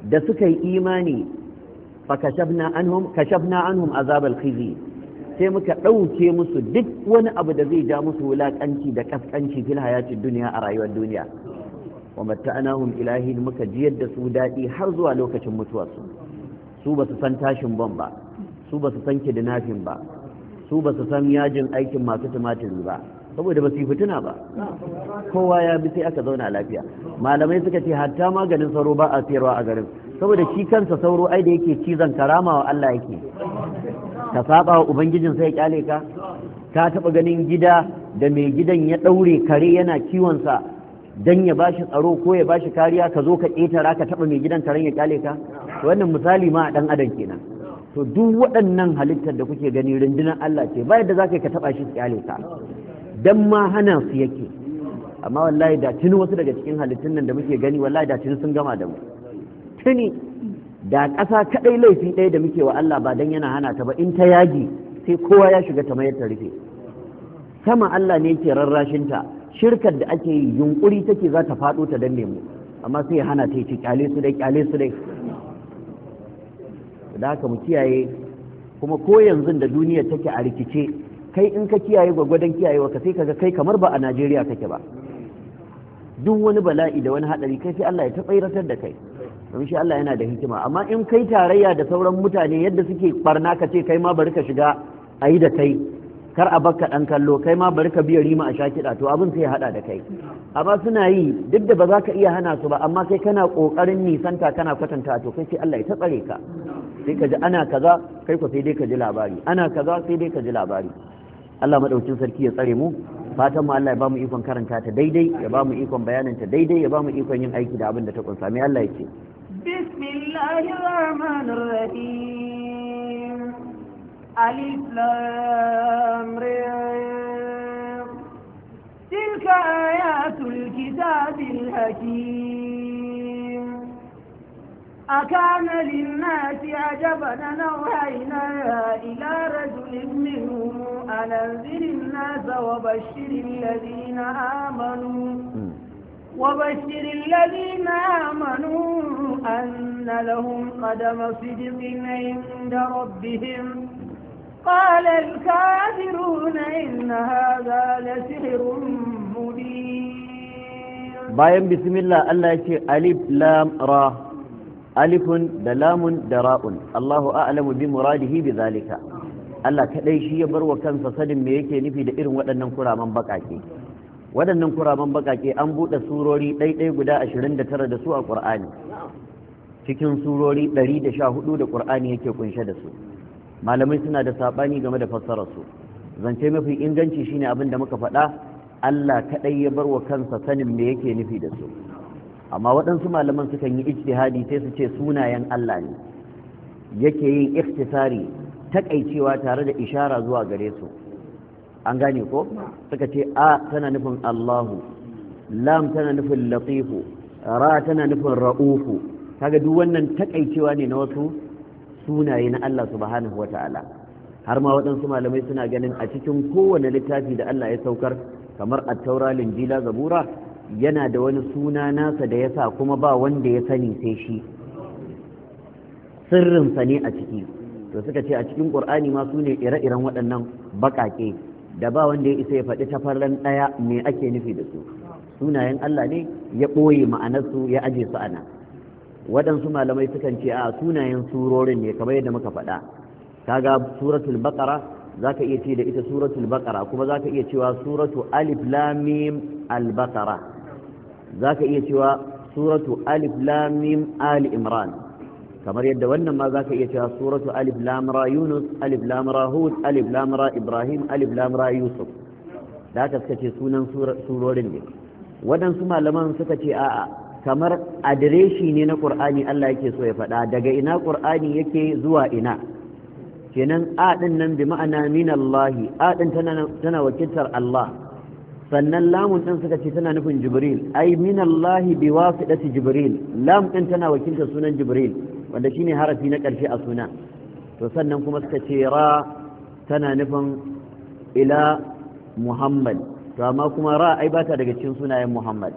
da suka yi imani fa kashafna anhum kashafna anhum azab khizi sai muka ɗauke musu duk wani abu da zai ja musu wulaƙanci da kaskanci fil hayatid duniya a rayuwar duniya wa matta'anahum ilahin muka jiyar da su daɗi har zuwa lokacin mutuwarsu su ba su san tashin bom ba su ba su san kidnapping ba su ba su san yajin aikin masu tumatiri ba saboda ba su yi fituna ba kowa ya bi sai aka zauna lafiya malamai suka ce hatta maganin sauro ba a sayarwa a garin saboda shi kansa sauro ai da yake cizon karama wa Allah yake ka saba wa ubangijin sai ya kyale ka ka taba ganin gida da mai gidan ya daure kare yana kiwon sa dan ya bashi tsaro ko ya bashi kariya ka zo ka ƙetara ka taba mai gidan karen ya kyale ka wannan misali ma dan adam kenan to duk waɗannan halittar da kuke gani rundunar Allah ce ba da za ka yi ka taɓa shi kyale ka dan ma hana su yake amma wallahi da tuni wasu daga cikin halittun nan da muke gani wallahi da tuni sun gama da mu tuni da ƙasa kaɗai laifi ɗaya da muke wa Allah ba dan yana hana ta ba in ta yagi sai kowa ya shiga ta mayar ta rufe sama Allah ne yake ta shirkar da ake yi yunkuri take za ta faɗo ta danne mu amma sai ya hana ta yi kyale su dai kyale su dai da haka mu kiyaye kuma ko yanzu da duniyar take a rikice kai in ka kiyaye gwagwadon kiyaye ka sai kaga kai kamar ba a Najeriya kake ba duk wani bala'i da wani hadari kai sai Allah ya ta da kai domin shi Allah yana da hikima amma in kai tarayya da sauran mutane yadda suke barna ka ce kai ma bari ka shiga ayi da kai kar a bakka dan kallo kai ma bari ka biya rima a sha kiɗa to abin sai ya hada da kai amma suna yi duk da ba za ka iya hana su ba amma kai kana kokarin nisanta kana kwatanta to kai sai Allah ya ta ka sai ka ji ana kaza kai ko sai dai ka ji labari ana kaza sai dai ka ji labari Allah maɗaukin sarki ya tsare mu fatan mu Allah ya bamu ikon karanta ta daidai ya bamu ikon bayanin ta daidai ya bamu ikon yin aiki da abin da ta kunsa mai Allah yake bismillahir rahmanir rahim alif lam ra tilka ayatul kitabil hakim أكان للناس عجبا نوحينا إلى رجل منهم أن أنذر الناس وبشر الذين آمنوا وبشر الذين آمنوا أن لهم قدم صدق عند ربهم قال الكافرون إن هذا لسحر مبين باين بسم الله الله يشير ألف لام راء alifun da lamun da ra'un Allahu a'lamu bi muradihi bi zalika Allah kadai shi ya bar wa kansa sanin me yake nufi da irin waɗannan kuraman bakake waɗannan kuraman bakake an buɗe surori ɗaiɗai guda 29 da su a Qur'ani cikin surori 114 da Qur'ani yake kunshe da su malamai suna da sabani game da fassarar su zance mafi inganci shine abin da muka faɗa Allah kadai ya bar wa kansa sanin me yake nufi da su amma waɗansu malaman sukan yi ijtihadi sai su ce sunayen Allah ne yake yin iftisari takaicewa tare da ishara zuwa gare su an gane ko suka ce a tana nufin Allahu lam tana nufin latifu ra tana nufin ra'ufu kaga duk wannan takaicewa ne na wasu sunaye na Allah subhanahu wata'ala har ma waɗansu malamai suna ganin a cikin kowane littafi da Allah ya saukar kamar at-taura linjila zabura yana da wani suna nasa da ya sa kuma ba wanda ya sani sai shi sirrinsa ne a ciki to suka ce a cikin ƙur'ani ma su ne ire-iren waɗannan baƙaƙe da ba wanda ya isa ya faɗi tafarran ɗaya me ake nufi da su sunayen Allah ne ya ɓoye ma'anarsu ya aje su ana waɗansu malamai sukan ce a sunayen surorin ne kamar yadda muka faɗa kaga suratul baqara zaka iya ce da ita suratul baqara kuma zaka iya cewa suratu alif lam mim al baqara za ka iya cewa suratu alif lamim ali imran kamar yadda wannan ma za ka iya cewa suratu alif lamra yunus alif lamra hud alif lamra ibrahim alif lamra yusuf da aka suka ce sunan surorin ne waɗansu malaman suka ce a'a kamar adireshi ne na ƙur'ani Allah yake so ya faɗa daga ina ƙur'ani yake zuwa ina kenan a ɗin nan bi ma'ana min Allah a ɗin tana wakiltar Allah sannan lamun ɗin suka ce tana nufin jibril ai minallahi bi wasidati jibril lam ɗin tana wakilta sunan jibril wanda shine harafi na ƙarshe a suna to sannan kuma suka ce ra tana nufin ila muhammad to amma kuma ra ai bata daga cikin sunayen muhammad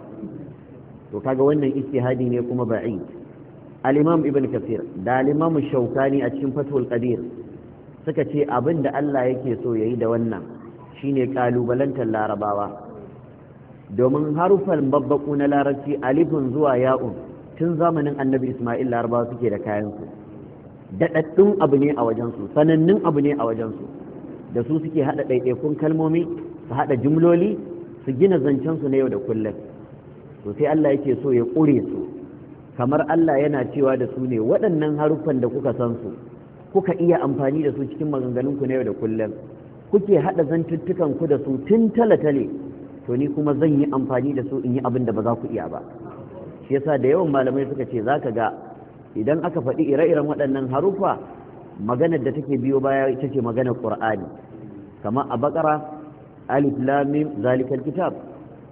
to kaga wannan istihadi ne kuma ba'id al-imam ibn kathir da al-imam shaukani a cikin fatul qadir suka ce abin da Allah yake so yayi da wannan shine kalubalantar larabawa domin harufan babbaku na larabci alifun zuwa ya'un tun zamanin annabi isma'il laraba suke da kayansu daɗaɗɗun abu ne a wajensu sanannun abu ne a wajensu da su suke haɗa ɗaiɗaikun kalmomi su haɗa jumloli su gina zancensu na yau da kullum to sai Allah yake so ya ƙure su kamar Allah yana cewa da su ne waɗannan haruffan da kuka san su kuka iya amfani da su cikin maganganunku na yau da kullum kuke haɗa zantuttukan ku da su tun talatale to ni kuma zan yi amfani da su in yi abin da ba za ku iya ba shi yasa da yawan malamai suka ce za ka ga idan aka faɗi ire-iren waɗannan harufa maganar da take biyo baya ita ce maganar ƙur'ani kamar a baƙara alif lamim zalikal kitab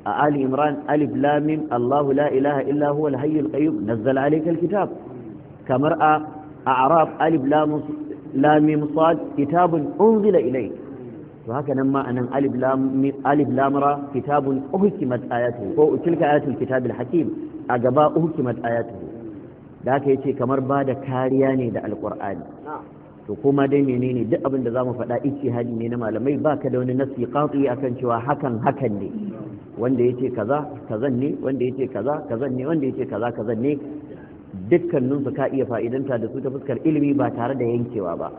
a ali imran alif lamim allahu la ilaha illa huwa alhayyul qayyum nazzala alaykal kitab kamar a a'raf alif lamim sad kitabun unzila ilayk to haka nan ma anan alif alif kitabun uhkimat ayatu ko tilka ayatul kitabil hakim a gaba uhkimat ayatu da haka yace kamar ba da kariya ne da alqur'ani to kuma dai menene duk abin da zamu faɗa hadi ne na malamai baka da wani nasi qati akan cewa hakan hakan ne wanda yace kaza kazan ne wanda yace kaza kazan ne wanda yace kaza kazan ne dukkaninsu ka iya fa'idanta da su ta fuskar ilimi ba tare da yankewa ba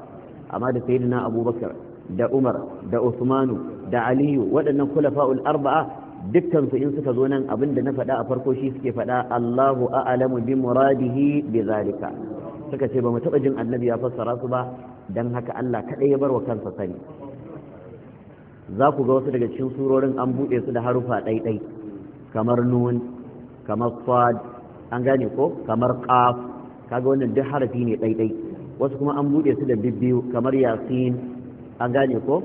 amma da sayyidina abubakar da Umar da Usmanu da Aliyu waɗannan kulafa'ul arba'a dukkan su in suka zo nan abin da na faɗa a farko shi suke faɗa Allahu a'lamu bi muradihi bi zalika suka ce ba mu taɓa jin annabi ya fassara su ba dan haka Allah kaɗai ya bar wa kansa sani za ku ga wasu daga cikin surorin an buɗe su da harufa ɗaiɗai kamar nun kamar sad an gane ko kamar qaf kaga wannan duk harafi ne ɗaiɗai wasu kuma an buɗe su da bibbiyu kamar yasin an gane ko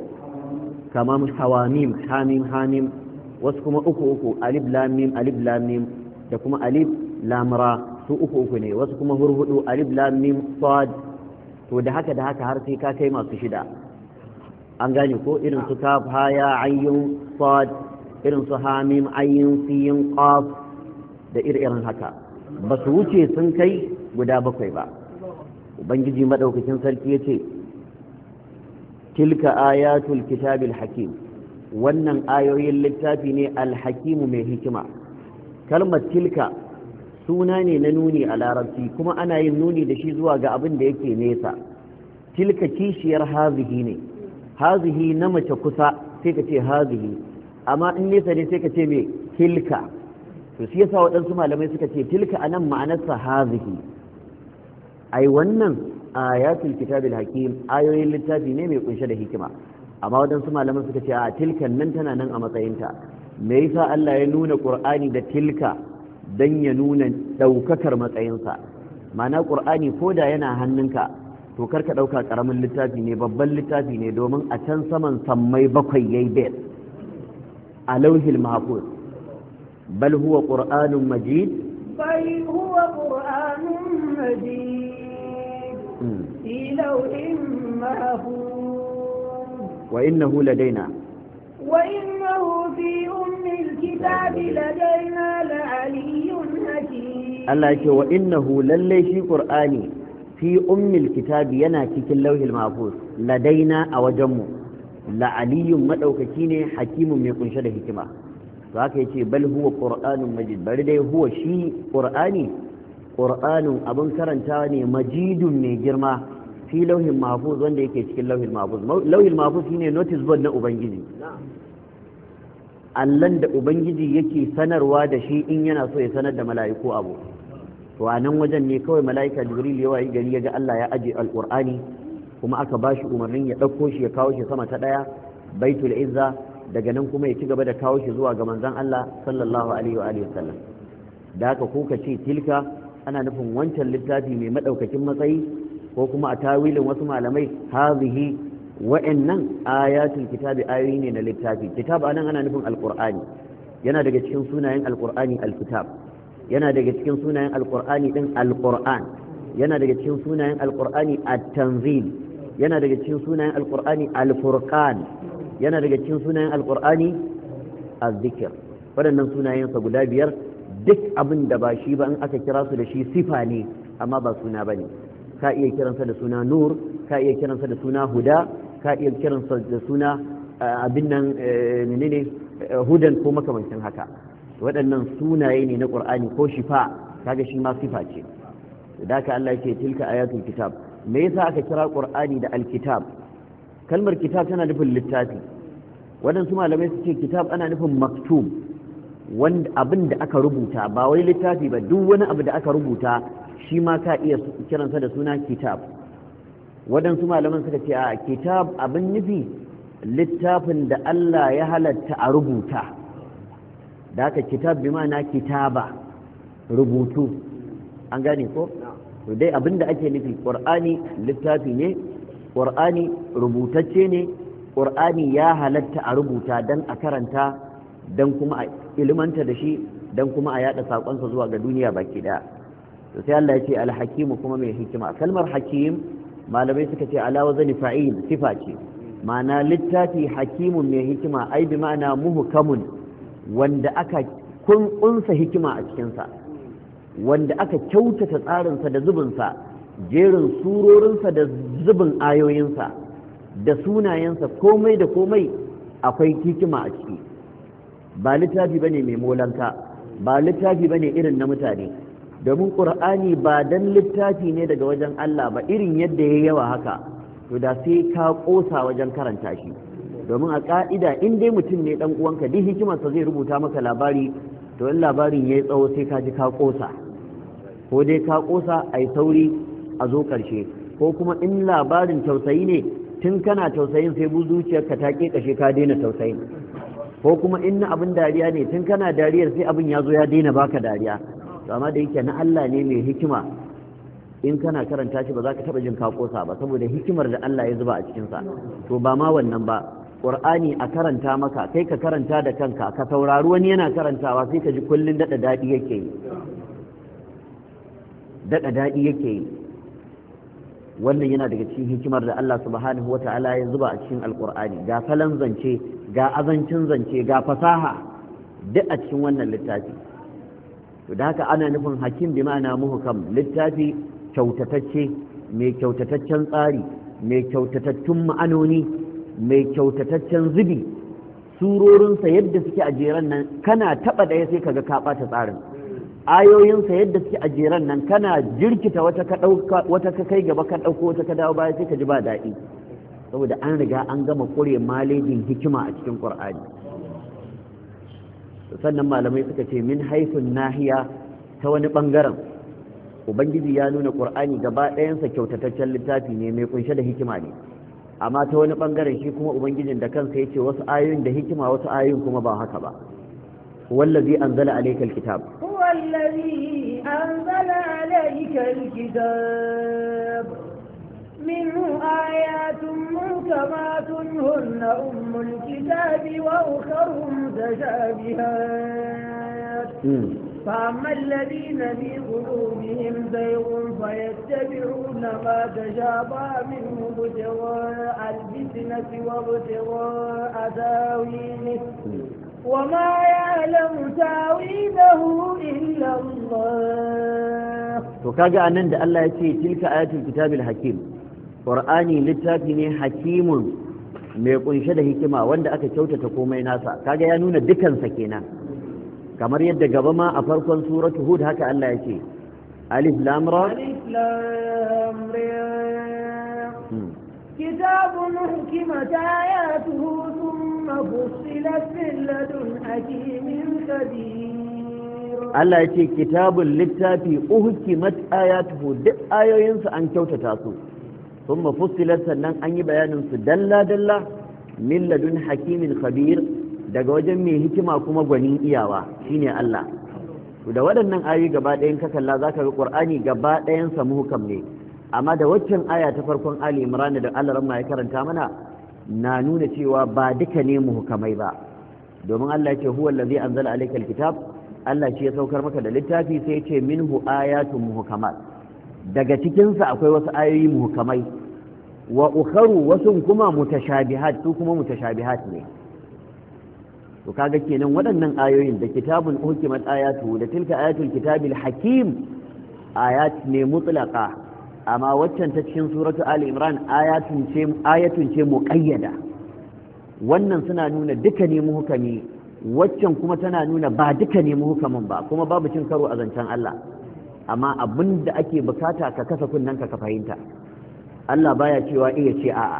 kamar hawamim hamim hamim wasu kuma uku uku alif lamim alif lamim da kuma alif lamra su uku uku ne wasu kuma hurhudu alif lamim sad to da haka da haka har sai ka kai masu shida an gane ko irin su kaf haya ayyun sad irin su hamim ayyun siyin qaf da irin haka ba su wuce sun kai guda bakwai ba ubangiji madaukakin sarki ya ce tilka ayatul kitabil hakim wannan ayoyin littafi ne alhakimu mai hikima kalmar tilka suna ne na nuni a larabci kuma ana yin nuni da shi zuwa ga abin da yake nesa tilka kishiyar hazihi ne hazihi na mace kusa sai ka ce hazihi amma in nesa ne sai ka ce mai tilka to shi yasa waɗansu malamai suka ce tilka anan ma'anarsa hazihi ai wannan ayatul kitabil hakim ayoyin littafi ne mai kunshe da hikima amma waɗansu malaman suka ce a tilkan nan tana nan a matsayinta me yasa Allah ya nuna Qur'ani da tilka dan ya nuna daukakar matsayinsa ma'ana Qur'ani ko da yana hannunka to karka dauka karamin littafi ne babban littafi ne domin a can saman sammai bakwai yayi bet a lauhil mahfuz bal huwa qur'anun majid bal huwa qur'anun majid في لوح محفوظ وإنه لدينا وإنه في أم الكتاب لدينا لعلي حكيم الله يقول وإنه للي في قرآني في أم الكتاب ينا في اللوح المحفوظ لدينا أوجمه لعلي مدوككيني حكيم من كنشه حكمه فهكذا يقول بل هو قرآن مجيد بل هو شيء قرآني ƙur'anin abin karanta ne majidun mai girma fi lauhin mahfuz wanda yake cikin lauhin mahfuz lauhin mahfuz shine notice board na ubangiji allan da ubangiji yake sanarwa da shi in yana so ya sanar da mala'iku abu to a nan wajen ne kawai mala'ika jibril ya wayi gari ya ga Allah ya aje alqur'ani kuma aka bashi umarnin ya ɗauko shi ya kawo shi sama ta ɗaya baitul izza daga nan kuma ya ci gaba da kawo shi zuwa ga manzon Allah sallallahu alaihi wa alihi wasallam da haka ka ce tilka ana nufin wancan littafi mai maɗaukakin matsayi ko kuma a tawilin wasu malamai hazihi wa'annan ayatul kitabi ayoyi ne na littafi kitab anan ana nufin alqur'ani yana daga cikin sunayen alqur'ani alkitab yana daga cikin sunayen alqur'ani din alqur'an yana daga cikin sunayen alqur'ani at-tanzil yana daga cikin sunayen alqur'ani alfurqan yana daga cikin sunayen alqur'ani az-zikr waɗannan sa guda biyar duk abin da ba shi ba in aka kira su da shi sifa ne amma ba suna ba ne ka iya kiransa da suna nur ka iya kiransa da suna huda ka iya kiransa da suna eh, abin nan eh, menene eh, hudan ko makamancin haka waɗannan sunaye ne na ƙur'ani ko shifa kaga shi ma sifa ce da ka Allah yake tilka ayatul kitab me yasa aka kira qur'ani da alkitab kalmar kitab tana nufin littafi waɗansu malamai su ce kitab ana nufin maktub wanda abin da aka rubuta ba wai littafi ba duk wani abu da aka rubuta shi ma ka iya kiransa da suna kitab waɗansu malaman suka ce a kitab abin nufi littafin da Allah ya halatta a rubuta da aka kitab bi ma'ana kitaba rubutu an gane ko to dai abin da ake nufi qur'ani littafi ne qur'ani rubutacce ne qur'ani ya halatta a rubuta dan a karanta dan kuma a ilmanta da shi dan kuma a yada sakonsa zuwa ga duniya baki daya to sai Allah ya ce al-hakimu kuma mai hikima kalmar hakim malamai suka ce ala zani fa'il sifa ce ma'ana littafi hakimun mai hikima ai bi ma'ana muhkamun wanda aka kun kunsa hikima a cikin sa wanda aka kyautata tsarin sa da zubinsa jerin surorinsa da zubin ayoyinsa da sunayensa komai da komai akwai hikima a ciki ba littafi bane mai molanka ba littafi bane irin na mutane domin ƙur'ani ba dan littafi ne daga wajen Allah ba irin yadda ya yawa haka to da sai ka ƙosa wajen karanta shi domin a ka'ida in dai mutum ne dan uwanka duk hikimarsa zai rubuta maka labari to in labarin yayi tsawo sai ka ji ka kosa ko dai ka kosa ai sauri a zo karshe ko kuma in labarin tausayi ne tun kana tausayin sai bu zuciyarka ta ƙeƙashe ka daina tausayin ko kuma in na abin dariya ne tun kana dariyar sai abin ya zo ya daina baka dariya to amma da yake na Allah ne mai hikima in kana karanta shi ba za ka taɓa jin ka ba saboda hikimar da Allah ya zuba a cikinsa to ba ma wannan ba Qur'ani a karanta maka kai ka karanta da kanka ka saurari wani yana karantawa sai ka ji kullun daɗa daɗi yake yi daɗa daɗi yake yi wannan yana daga cikin hikimar da Allah subhanahu wa ta'ala ya zuba a cikin alkur'ani ga salon zance ga azancin zance ga fasaha duk a cikin wannan littafi to da haka ana nufin hakim bi ma'ana muhkam littafi kyautatacce mai kyautataccen tsari mai kyautataccen ma'anoni mai kyautataccen zubi surorinsa yadda suke a jeran nan kana taɓa ɗaya sai kaga ka ɓata tsarin ayoyinsa yadda suke a jeran nan kana jirkita wata ka kai gaba ka ɗauko wata ka dawo baya sai ka ji ba daɗi saboda an riga an gama kure malejin hikima a cikin ƙur'ani sannan malamai suka ce min haifin nahiya ta wani ɓangaren ubangiji ya nuna ƙur'ani gaba ɗayansa kyautataccen littafi ne mai kunshe da hikima ne amma ta wani ɓangaren shi kuma ubangijin da kansa ya ce wasu ayoyin da hikima wasu ayoyin kuma ba haka ba wallazi anzala alaikal kitab الذي أنزل عليك الكتاب منه آيات محكمات هن أم الكتاب وأخر متشابهات فأما الذين في قلوبهم زيغ فيتبعون ما تشابه منه ابتغاء الفتنة وابتغاء تاويله وما يعلم تاويله إلا الله وكاجا أنند الله يتي تلك آيات الكتاب الحكيم قرآني لتابني حكيم mai kunshe da hikima wanda aka kyautata komai nasa kaga ya nuna dukansa kenan kamar yadda gaba ma a farkon suratu hud haka Allah ya ce alif lam ra hmm. kitabun hukimat ayatuhu Allah ya ce kitabun littafi mat ayatuhu duk ayoyinsu an kyautata su sun mafusilar sannan an yi bayanin su dalla-dalla min ladun hakimin khabir daga wajen mai hikima kuma gwanin iyawa shine Allah da waɗannan ayoyi gaba ɗayan ka kalla za ka ga ƙur'ani gaba ɗayan sa muhukam ne amma da waccan aya ta farkon ali imran da Allah ya karanta mana na nuna cewa ba duka ne muhukamai ba domin Allah ya ce huwa allazi anzala alaykal kitab Allah shi ya saukar maka da littafi sai ya ce minhu ayatun muhukamat daga cikinsa akwai wasu ayoyi muhukamai wa ukharu wasu kuma mutashabihat su kuma mutashabihat ne to kaga kenan waɗannan ayoyin da kitabun uhkimat ayatu da tilka ayatul kitabil hakim ayat ne mutlaqa amma waccan ta cikin suratu ali imran ayatun ce muqayyada wannan suna nuna duka ne mu hukami waccan kuma tana nuna ba duka ne mu hukamin ba kuma babu cin karo a zancen Allah amma abin da ake bukata ka kasa kunnen ka ka fahimta Allah baya cewa iya ce a'a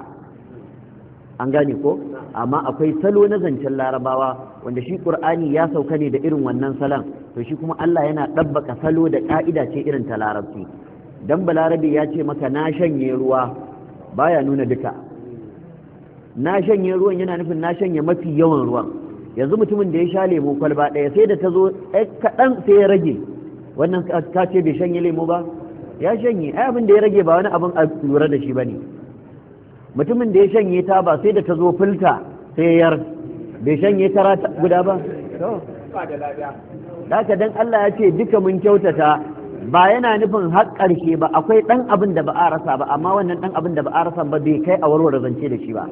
an gane ko amma akwai salo na zancen larabawa wanda shi qur'ani ya sauka ne da irin wannan salon to shi kuma Allah yana ɗabbaka salo da ƙa'ida ce irin ta larabci dan balarabi ya ce maka na shanye ruwa baya nuna duka na shanye ruwan yana nufin na shanye mafi yawan ruwan yanzu mutumin da ya sha lemo kwalba ɗaya sai da ta zo kaɗan sai ya rage wannan ka ce bai shanye lemo ba ya shanye ai abin da ya rage ba wani abin a lura da shi ba ne mutumin da ya shanye ta ba sai da ta zo filta sai yar bai shanye tara guda ba to da ka dan Allah ya ce duka mun kyautata ba yana nufin har ƙarshe ba akwai ɗan abin da ba a rasa ba amma wannan ɗan abin da ba a rasa ba bai kai a warware zance da shi ba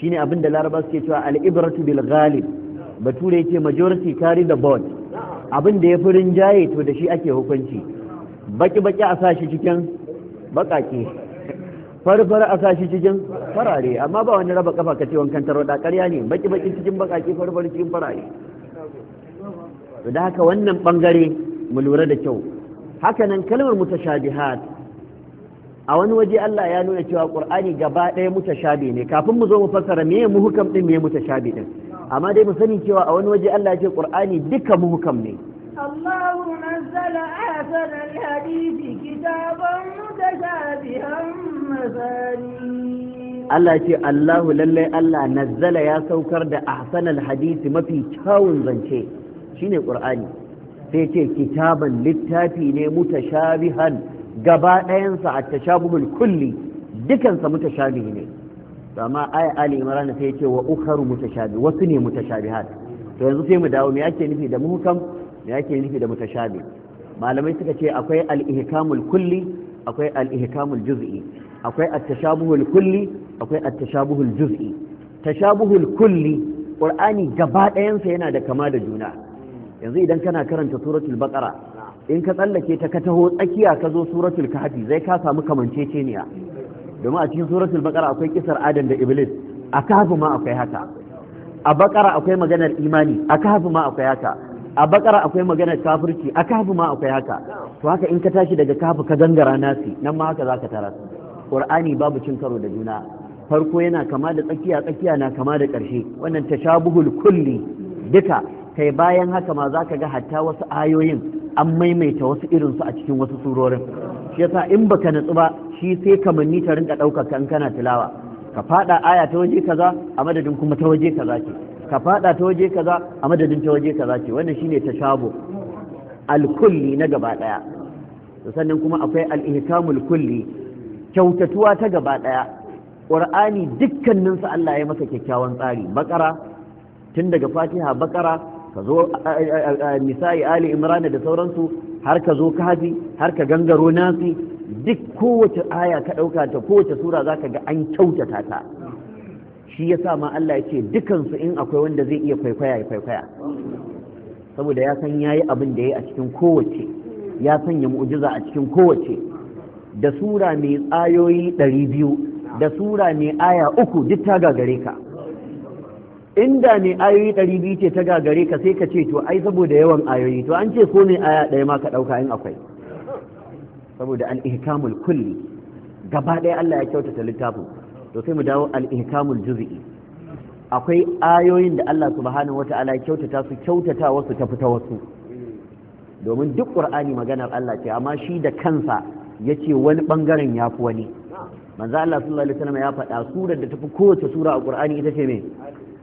shine abin da laraba suke cewa al'ibratu bil ghalib bature yake majority carry the board abin da ya fi rinjaye to da shi ake hukunci baki baki a sashi cikin bakake farfara a sashi cikin farare amma ba wani raba kafa ka ce wankan kantar da ƙarya ne baki baki cikin bakake farfara cikin farare da haka wannan bangare mu lura da kyau haka nan kalmar mutashabihat a wani waje Allah ya nuna cewa Qur'ani gaba ɗaya mutashabi ne kafin mu zo mu fassara meye muhukam din meye mutashabi din amma dai mu sani cewa a wani waje Allah ya ce Qur'ani duka muhukam ne الله نزل أحسن الحديث كتابا متشابها مثاني Allah ce Allahu lallai Allah nazzala ya saukar da ahsanal hadisi mafi kyawun zance shine ƙur'ani. sai ce kitaban littafi ne mutashabihan gaba ɗayansa a tashabuhul kulli dukansa mutashabihi ne amma ai ali imran sai ce wa ukharu mutashabi wasu ne mutashabihat to yanzu sai mu dawo me ake nufi da muhkam me yake nufi da mutashabi malamai suka ce akwai al-ihkamul kulli akwai al-ihkamul juz'i akwai at-tashabuhul kulli akwai at-tashabuhul juz'i tashabuhul kulli qur'ani gaba ɗayansa yana da kama da juna yanzu idan kana karanta suratul baqara in ka tsallake ta ka taho tsakiya ka zo suratul kahfi zai ka samu kamanceceniya domin a cikin suratul baqara akwai kisar adam da iblis a kahfi ma akwai haka a baqara akwai maganar imani a kahfi ma akwai haka a baqara akwai maganar kafirci a kahfi ma akwai haka to haka in ka tashi daga kahfi ka gangara nasi nan ma haka zaka tara qur'ani babu cin karo da juna farko yana kama da tsakiya tsakiya na kama da ƙarshe wannan tashabuhul kulli duka kai bayan haka ma za ka ga hatta wasu ayoyin an maimaita wasu irinsu a cikin wasu surorin shi yasa in baka natsu ba shi sai kamanni ta rinka ɗaukar kan kana tilawa ka faɗa aya ta waje kaza a madadin kuma ta waje kaza ce ka faɗa ta waje kaza a madadin ta waje kaza ce wannan shine shabo alkulli na gaba ɗaya sannan kuma akwai al kulli kyautatuwa ta gaba ɗaya ƙur'ani dukkaninsa Allah ya masa kyakkyawan tsari bakara tun daga fatiha bakara ka zo nisa'i ali imrana da sauransu har ka zo kafi har ka gangaro nasi duk kowace aya ka ɗauka ta kowace sura za ka ga an kyautata ta shi ya sa ma Allah ya ce dukansu in akwai wanda zai iya kwaikwaya ya kwaikwaya saboda ya san ya yi abin da ya a cikin kowace ya sanya mu'jiza a cikin kowace da sura mai tsayoyi ɗari biyu da sura mai aya uku duk ta gagare ka inda ne ayoyi ɗari biyu ce ta gagare ka sai ka ce to ai saboda yawan ayoyi to an ce ko ne aya ɗaya ma ka ɗauka in akwai saboda al-ihkamul kulli gaba ɗaya Allah ya kyautata littafin to sai mu dawo al-ihkamul juz'i akwai ayoyin da Allah subhanahu wata'ala ya kyautata su kyautata wasu ta fita wasu domin duk qur'ani maganar Allah ce amma shi da kansa yace wani bangaren fi wani manzo Allah sallallahu alaihi wasallam ya faɗa surar da tafi kowace sura a qur'ani ita ce me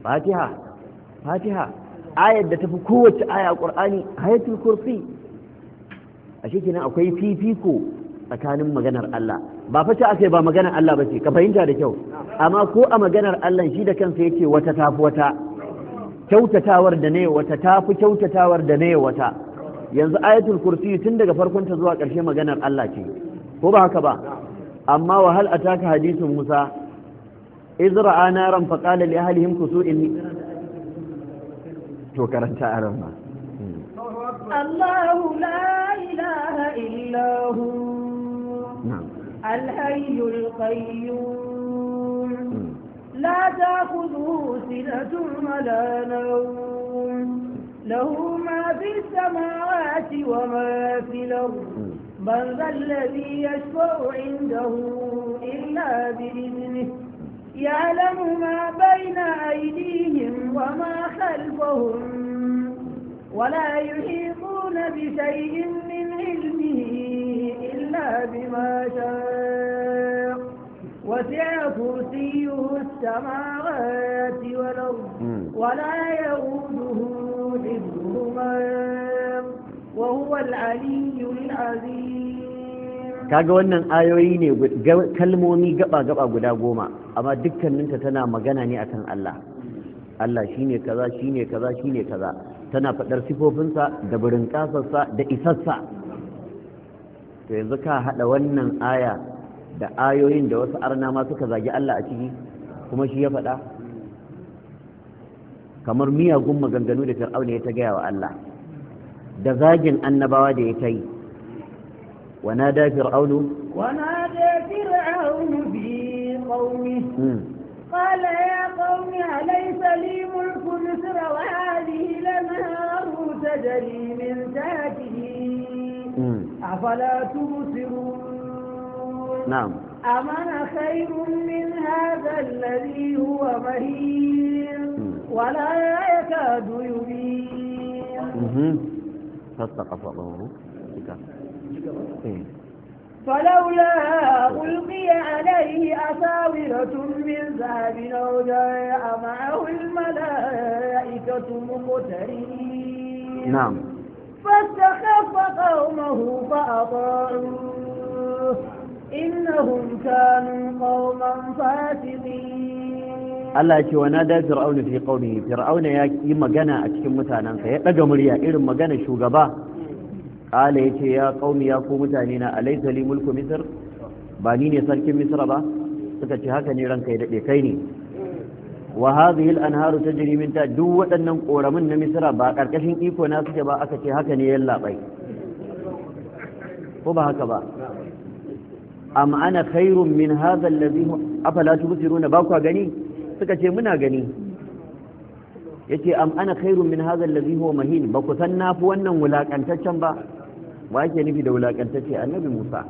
fatiha fatiha ayar da tafi kowace aya a qur'ani hayatul kursi a kenan akwai fifiko tsakanin maganar Allah ba fa ta akai ba maganar Allah ba ce ka fahimta da kyau amma ko a maganar Allah shi da kansa yake wata tafi wata kyautatawar da ne wata tafi kyautatawar da ne wata yanzu ayatul kursi tun daga farkon ta zuwa ƙarshe maganar Allah ce ko ba haka ba amma wahal ataka hadisin Musa إذ رأى نارا فقال لأهلهم كسوء إني هو كانت تعلم الله لا إله إلا هو نعم. الحي القيوم لا تأخذه سنة ولا نوم له ما في السماوات وما في الأرض من ذا الذي يشفع عنده إلا بإذنه يعلم ما بين أيديهم وما خلفهم ولا يحيطون بشيء من علمه إلا بما شاء وسع كرسيه السماوات والأرض ولا يؤوده حفظهما وهو العلي العظيم kaga wannan ayoyi ne kalmomi gaba-gaba guda goma amma dukkaninta tana magana ne akan Allah Allah shine kaza shine kaza shine kaza tana faɗar sifofinsa da burin kasarsa da isarsa to yanzu ka haɗa wannan aya da ayoyin da wasu arna ma suka zagi Allah a ciki kuma shi ya faɗa kamar miyagun maganganu da fir'auna ya ta gaya wa Allah da zagin annabawa da ya ta yi ونادى فرعون ونادى فرعون في قومه قال يا قوم أليس لي ملك مصر وهذه الأنهار تجري من تحته أفلا تبصرون نعم أمن خير من هذا الذي هو مهين ولا يكاد يبين فاستقف الله فلولا ألقي عليه أساورة من ذهب أو جاء معه الملائكة مقترين نعم فاستخف قومه فأطاعوه إنهم كانوا قوما فاسقين Allah ce wa nada fir'auna fi qaumihi fir'auna ya yi magana a cikin mutanensa, ya ɗaga murya irin magana shugaba qala yace ya qaumi ya ku mutane na alaysa mulku misir ba ni ne sarkin misir ba suka ce haka ne ranka ya dade kai ne wa hadhihi al-anharu tajri min ta duk waɗannan koramin na misra ba ƙarƙashin iko na suke ba aka ce haka ne yalla bai ko ba haka ba am ana khairun min hadha alladhi afala tubsiruna ba ku gani suka ce muna gani yace am ana khairun min haza alladhi huwa mahin ba ku san nafi wannan wulakantaccen ba wa ake nufi da wulakantacce annabi musa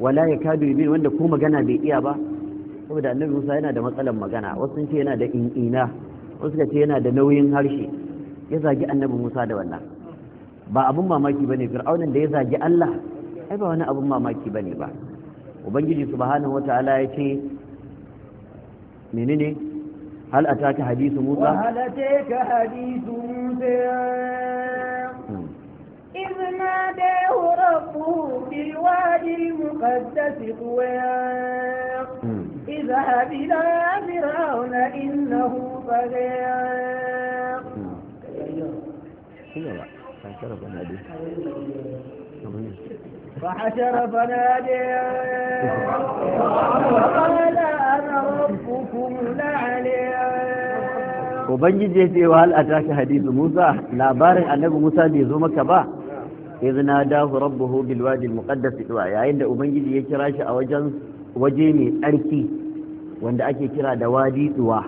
wala ya kadu bin wanda ko magana bai iya ba saboda annabi musa yana da matsalan magana wasu sun ce yana da in'ina wasu ka ce yana da nauyin harshe ya zagi annabi musa da wannan ba abun mamaki bane fir'aunin da ya zagi allah ai ba wani abun mamaki bane ba ubangiji subhanahu wataala ya ce menene hal ataka hadithu musa hal ataka hadisu musa إذ ناداه ربه في الوادي المقدس طوى اذهب إلى فرعون إنه طغى فحشر فنادي وقال أنا ربكم الاعلى ubangiji ya ce wa hal a tashi hadisu musa labarin annabi musa bai zo maka ba idh nadahu rabbuhu bil wadi al muqaddas yayin da ubangiji ya kira shi a wajen waje mai tsarki wanda ake kira da wadi tuwa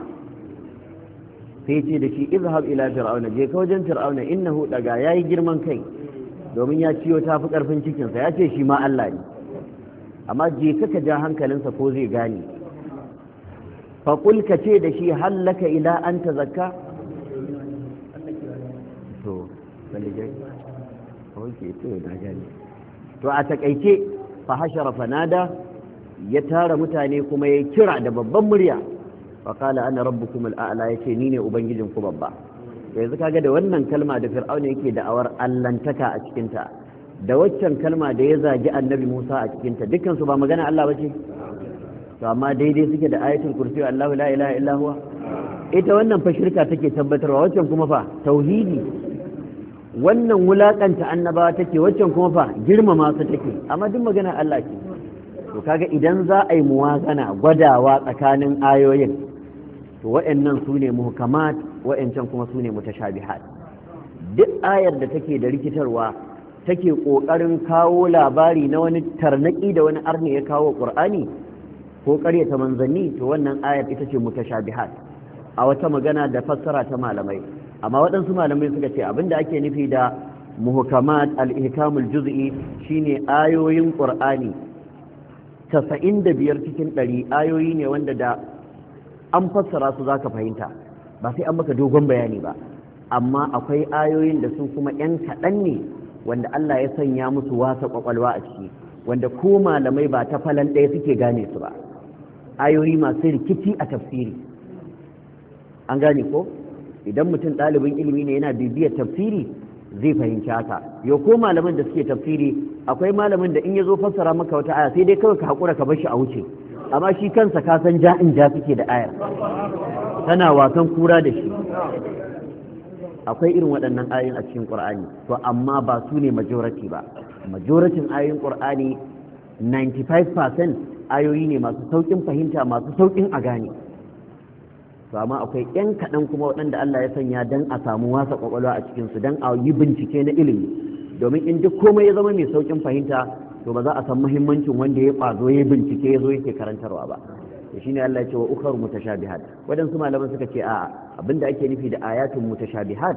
sai ce da shi izhab ila fir'auna je ka wajen fir'auna innahu daga yayi girman kai domin ya ciyo ta fi karfin cikinsa ya ce shi ma Allah ne amma je ka ka ja hankalinsa ko zai gane faƙul ka ce da shi hallaka ila an ta zakka oke to na gane to a takaice fa hashara fanada ya tara mutane kuma ya kira da babban murya fa kala ana rabbukum al'ala ce ni ne ubangijin ku babba yanzu kaga da wannan kalma da fir'auna yake da'awar allantaka a cikin ta da waccan kalma da ya zagi annabi Musa a cikin ta dukkan su ba magana Allah ba ce to amma daidai suke da ayatul kursi Allahu la ilaha illa huwa ita wannan fa shirka take tabbatarwa waccan kuma fa tauhidi wannan wulaƙanta annabawa take waccan kuma fa girmama su take amma duk magana Allah ke, to kaga idan za a yi muwazana gwadawa tsakanin ayoyin to wa'annan su ne muhkamat wa'ancan kuma su ne mutashabihat duk ayar da take da rikitarwa take kokarin kawo labari na wani tarnaki da wani arni ya kawo qur'ani ko ta manzanni to wannan ayar ita ce mutashabihat a wata magana da fassara ta malamai amma waɗansu malamai suka ce abinda ake nufi da muhukamat al juz'i shine ayoyin qur'ani biyar cikin ɗari ayoyi ne wanda da an fassara su za ka fahimta ba sai an maka dogon bayani ba amma akwai ayoyin da sun kuma yan kaɗan ne wanda Allah ya sanya musu wasa ƙwaƙwalwa a ciki wanda ko malamai ba ta falan ɗaya suke gane su ba ayoyi masu rikici a tafsiri an gane ko idan mutum ɗalibin ilimi ne yana bibiyar tafsiri zai fahimci haka yau ko malamin da suke tafsiri akwai malamin da in ya zo fassara maka wata aya sai dai kawai ka haƙura ka bar shi a wuce amma shi kansa ka san ja in ja suke da ayar tana wasan kura da shi akwai irin waɗannan ayoyin a cikin ƙur'ani to amma ba su ne majority ba majoratin ayoyin ƙur'ani 95% ayoyi ne masu sauƙin fahimta masu sauƙin a gane to amma akwai yan kaɗan kuma waɗanda Allah ya sanya dan a samu wasa kwakwalwa a cikin su dan a yi bincike na ilimi domin in duk komai ya zama mai saukin fahimta to ba za a san muhimmancin wanda ya ƙwazo ya bincike ya zo yake karantarwa ba to shine Allah ya ce wa ukhar mutashabihat wadansu malaman suka ce a abinda ake nufi da ayatun mutashabihat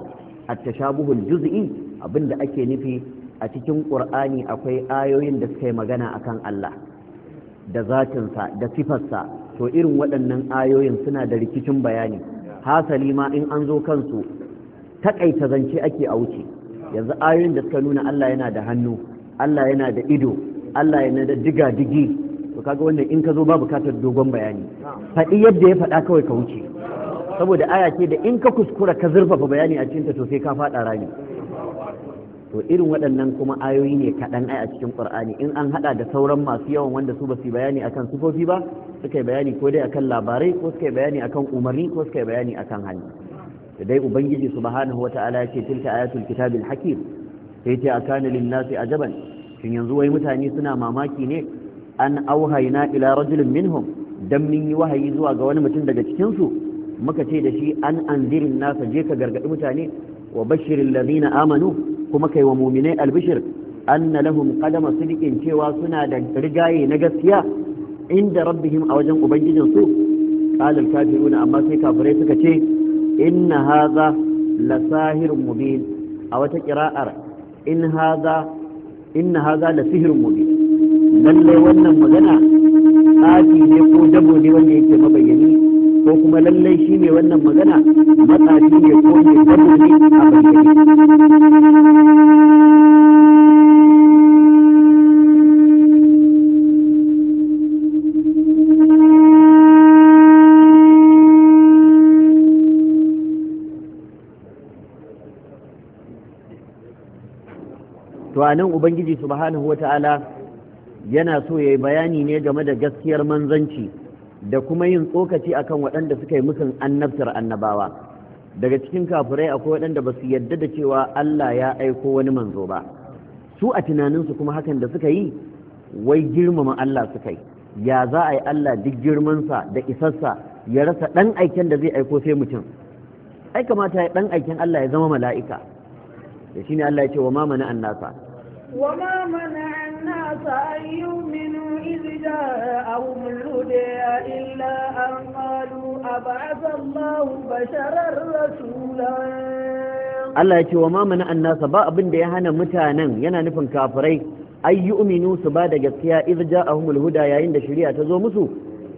at-tashabuhul juz'i abinda ake nufi a cikin qur'ani akwai ayoyin da suka yi magana akan Allah da zatinsa da sifarsa to irin waɗannan ayoyin suna da rikicin bayani hasali ma in an zo kansu takaita zance ake a wuce yanzu ayoyin da suka nuna Allah yana da hannu Allah yana da ido Allah yana da diga digi to kaga wannan in ka zo ba bukatar dogon bayani faɗi yadda ya faɗa kawai ka wuce saboda aya ce da in ka kuskura ka zurfafa bayani a cikin ta to sai ka faɗa rami to irin waɗannan kuma ayoyi ne kaɗan ai a cikin ƙur'ani in an haɗa da sauran masu yawan wanda su ba su bayani akan sufofi ba suka bayani ko dai akan labarai ko suka bayani akan umarni ko suka bayani akan hali da dai ubangiji subhanahu wata'ala ya ce tilka ayatul kitabil hakim sai ta akana lin ajaban shin yanzu wai mutane suna mamaki ne an auhayna ila rajulin minhum dan min yi wahayi zuwa ga wani mutum daga cikin su muka ce da shi an anzirin nasa je ka gargadi mutane wa bashirin lazina amanu kuma kai wa mu'minai albishir anna lahum qadama sidiqin cewa suna da rigaye na gaskiya inda rabbihim a wajen ubangijin su qala al-kafiruna amma sai kafirai suka ce inna hadha la sahirun mubin a wata qira'ar in hadha inna hadha la sihrun mubin Lallai wannan magana tsafi ne ko dabo ne wanda yake mabayyani ko kuma lallai shi ne wannan magana matsafi ne ko ne dabo ne a bayyane a nan ubangiji subhanahu wata'ala yana so ya yi bayani ne game da gaskiyar manzanci da kuma yin tsokaci akan waɗanda suka yi musun annabtar annabawa daga cikin kafirai akwai waɗanda ba su yadda da cewa Allah ya aiko wani manzo ba su a tunaninsu kuma hakan da suka yi wai girmama Allah suka yi ya za a yi Allah duk girmansa da isassa ya rasa ɗan aiken da zai aiko sai mutum ai kamata ya ɗan aiken Allah ya zama mala'ika da ne Allah ya ce wa ma mana annasa وما منع الناس أن يؤمنوا إذ جاءهم الهدى إلا أن قالوا أبعث الله بشرا رسولا Allah ya ce wa mana annasa ba abin da ya hana mutanen yana nufin kafirai ay yu'minu su ba da gaskiya idh ja'ahumul huda yayin da shari'a ta zo musu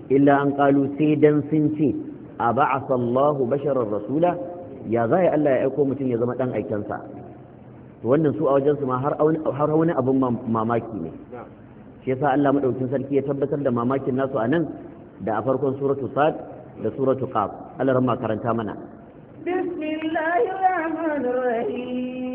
illa an qalu sai dan sun ce aba'asallahu basharar rasula ya zai Allah ya aiko mutum ya zama dan aikensa to wannan su a wajen su ma har wani abin mamaki ne shi yasa Allah madaukin sarki ya tabbatar da mamakin nasu anan da a farkon suratu sad da suratu qaf Allah ramma karanta mana bismillahir rahmanir rahim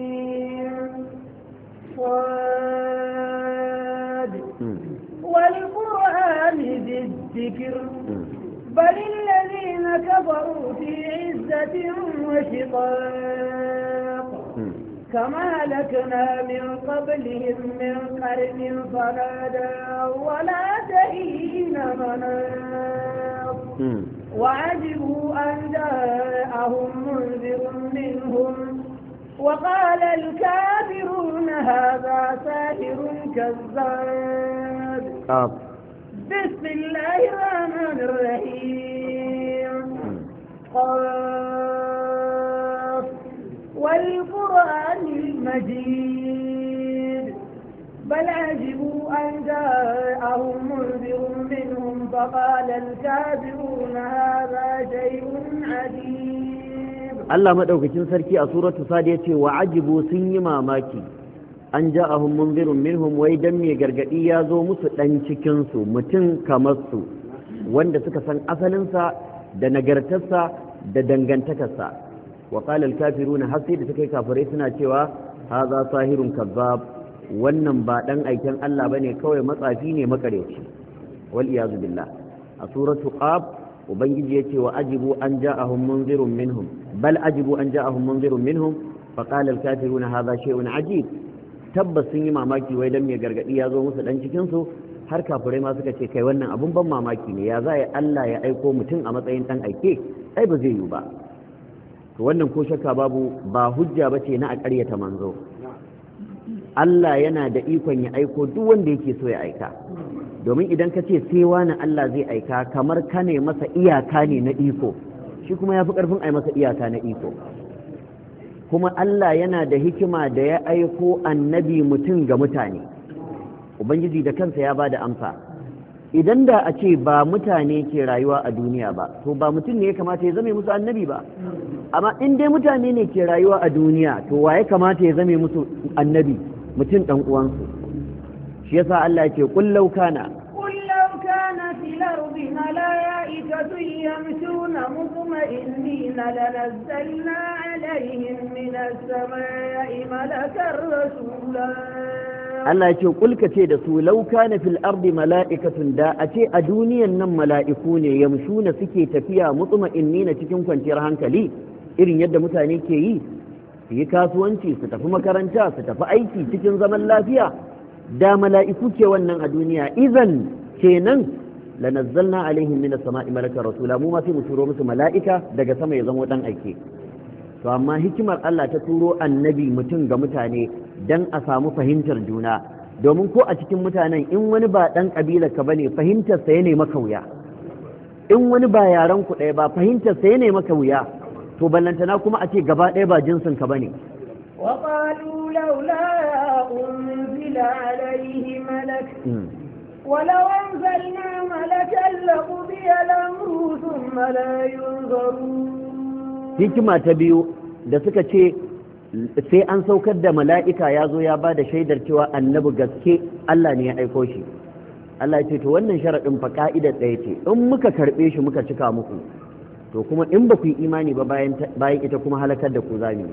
بل الذين كفروا في عزة وشقاق كما لكنا من قبلهم من قرن فنادى ولا تهين مناص وعجبوا أن جاءهم منذر منهم وقال الكافرون هذا ساحر كذاب آه. بسم الله الرحمن الرحيم مجيد بل عجبوا أن جاءهم منذر منهم فقال الكافرون هذا شيء عجيب الله مدوكتين سركي أسورة صادية وعجبوا سني ماكي an ja ja'ahum munzirin minhum wai don mai gargaɗi ya zo musu ɗan cikinsu mutum kamar su wanda suka san asalinsa da nagartarsa da dangantakarsa wa al-kafiruna har sai da suka kafirai suna cewa haza sahirun kazzab wannan ba dan aikin Allah bane kawai matsafi ne makareci wal iyazu billah a suratu qaf ubangiji yace wa ajibu an ja'ahum munzirun minhum bal ajibu an ja'ahum munzirun minhum fa qala al kafiruna hadha shay'un ajib tabbas sun yi mamaki wai dan me gargadi ya zo musu dan cikin su har kafirai ma suka ce kai wannan abun ban mamaki ne ya za Allah ya aiko mutum a matsayin dan aike ai ba zai yiwu ba to wannan ko shakka babu ba hujja bace na a ƙaryata manzo Allah yana da ikon ya aiko duk wanda yake so ya aika domin idan ka ce sai wani Allah zai aika kamar ka ne masa iyaka ne na iko shi kuma ya fi ƙarfin a masa iyaka na iko kuma Allah yana da hikima da ya aiko annabi mutum ga mutane Ubangiji da kansa ya ba da amsa idan da a ce ba mutane ke rayuwa a duniya ba to ba mutum ne ya kamata ya zame musu annabi ba amma in dai mutane ne ke rayuwa a duniya to wa ya kamata ya zame musu annabi mutum dan uwansu shi yasa Allah yake kullau kana kullau kana fil ardi malaikatu yamshuna mutma'innina lanazzalna alaihim as samai malakar rasula Allah ya ce kulka ce da su lauka na fil ardi mala'ikatun da a ce a duniyan nan mala'iku ne yamshuna suke tafiya mutsuma na cikin kwanciyar hankali irin yadda mutane ke yi su yi kasuwanci su tafi makaranta su tafi aiki cikin zaman lafiya da mala'iku ke wannan a duniya idan kenan lanazzalna alaihim min as-sama'i malaka rasula mu ma sai mu turo musu mala'ika daga sama ya zama dan aike to amma hikimar Allah ta turo annabi mutum ga mutane dan a samu fahimtar juna domin ko a cikin mutanen in wani ba dan kabila ka bane fahimtar sa yana maka wuya in wani ba yaran ku ɗaya ba fahimtar sa yana maka wuya to ballantana kuma a ce gaba ɗaya ba jinsin ka bane ne. ولو أنزلنا ملكا لقضي الأمر ثم لا ينظرون hikima ta biyu da suka ce sai an saukar da mala'ika ya zo ya ba da shaidar cewa annabi gaske Allah ne ya aiko shi Allah ya ce to wannan sharaɗin fa ƙa’ida ɗaya ce in muka karɓe shi muka cika muku to kuma in ba ku yi imani ba bayan ita kuma halakar da ku zami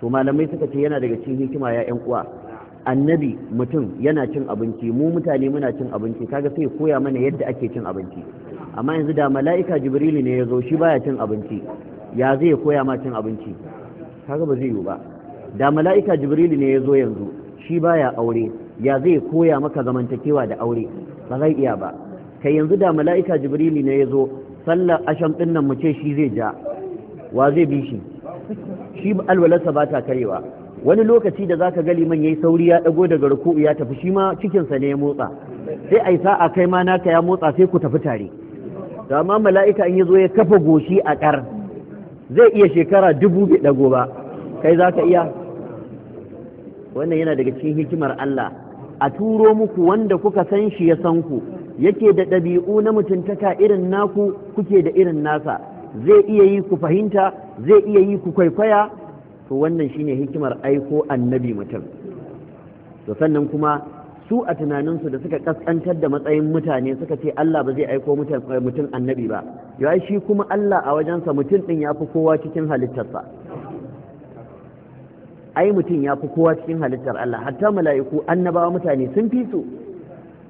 to malamai suka ce yana daga cikin hikima ya ƴan uwa annabi mutum yana cin abinci mu mutane muna cin abinci kaga sai koya mana yadda ake cin abinci amma yanzu da mala'ika jibrilu ne ya zo shi baya cin abinci ya zai koya ma cin abinci kaga ba zai yiwu ba da mala'ika jibrilu ne ya zo yanzu shi baya aure ya zai koya maka zamantakewa da aure ba zai iya ba kai yanzu da mala'ika jibrilu ne ya zo sallar asham din nan mu ce shi zai ja wa zai bi shi shi alwalarsa ba ta karewa wani lokaci da zaka ga liman yayi sauri ya dago daga ruku'u ya tafi shi ma cikinsa ne ya motsa sai ai sa'a kai ma naka ya motsa sai ku tafi tare da amma mala'ika in zo ya kafa goshi a ƙar zai iya shekara dubu bai dago ba kai za ka iya wannan yana daga cikin hikimar Allah a turo muku wanda kuka san shi ya san ku yake da ɗabi'u na mutuntaka irin naku kuke da irin nasa zai iya yi ku fahimta zai iya yi ku kwaikwaya to wannan shine hikimar aiko annabi mutum to sannan kuma su a tunaninsu da suka kaskantar da matsayin mutane suka ce Allah ba zai aiko eh, mutum annabi ba ya shi kuma Allah a wajensa mutum din ya fi kowa cikin halittarsa ai mutum ya fi kowa cikin halittar Allah hatta mala'iku annabawa mutane sun fi su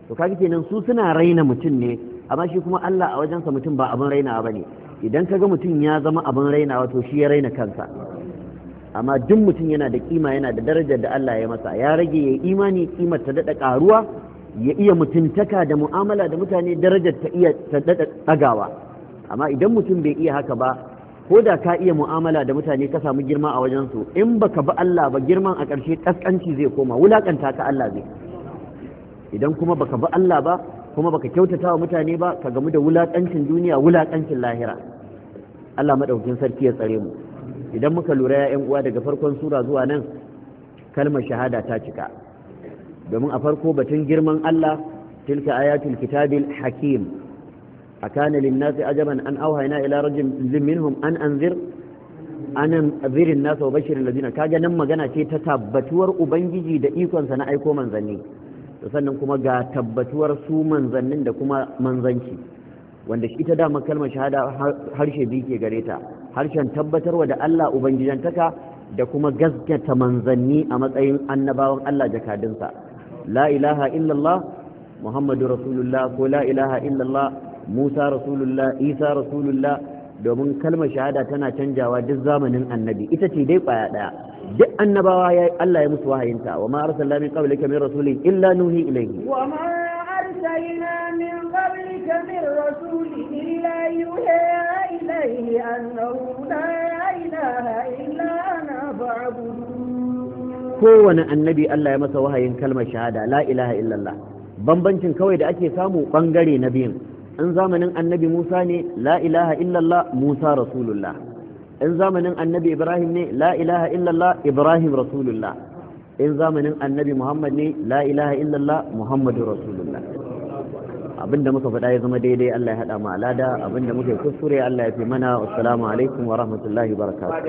to kaga kenan su suna raina mutum ne amma shi kuma Allah a wajensa mutum ba abin rainawa bane idan kaga mutum ya zama abin rainawa to shi ya raina kansa amma duk mutum yana da kima yana da darajar da Allah ya masa ya rage ya imani kimar ta daɗa ƙaruwa ya iya mutuntaka da mu'amala da mutane darajar ta iya ta daɗa ɗagawa amma idan mutum bai iya haka ba ko da ka iya mu'amala da mutane ka samu girma a su, in baka bi Allah ba girman a ƙarshe ƙasƙanci zai koma wulaƙanta ka Allah zai idan kuma baka bi Allah ba kuma baka kyautata wa mutane ba ka gamu da wulaƙancin duniya wulaƙancin lahira Allah maɗaukin sarki ya tsare mu idan muka lura ya uwa daga farkon sura zuwa nan kalmar shahada ta cika domin a farko batun girman Allah tilka ayatul kitabil hakim akana linnasi ajaban an auhayna ila rajulin minhum an anzir anan zirin nasa wa bashirin lazina kaga nan magana ce ta tabbatuwar ubangiji da ikonsa na aiko manzanni sannan kuma ga tabbatuwar su manzannin da kuma manzanci wanda ita dama kalmar shahada harshe biyu ke gare ta harshen tabbatarwa da Allah ubangijantaka da kuma gaskata manzanni a matsayin annabawan Allah jakadunsa. la ilaha illallah muhammadu rasulullah ko la ilaha illallah musa rasulullah isa rasulullah domin kalmar shahada tana canjawa duk zamanin annabi ita ce dai kwaya daya duk annabawa ya Allah ya musu wahayinta wa ma arsalna min qablika min rasulin illa nuhi ilayhi wa ma أرسلنا من قبلك من رسول إلا يوحى إليه أنه لا إله إلا أنا فاعبدون كون النبي الله يمسى وهي كلمة شهادة لا إله إلا الله bambancin kawai da ake samu bangare na biyun in zamanin annabi Musa ne la ilaha illallah Musa rasulullah in zamanin annabi Ibrahim ne la ilaha illallah Ibrahim rasulullah in zamanin annabi Muhammad ne la ilaha illallah Muhammadu rasulullah Abin da muka faɗa ya zama daidai Allah ya haɗa mu alada abin da muka kuskure Allah ya fi mana assalamu alaikum wa rahmatullahi wa barakatuh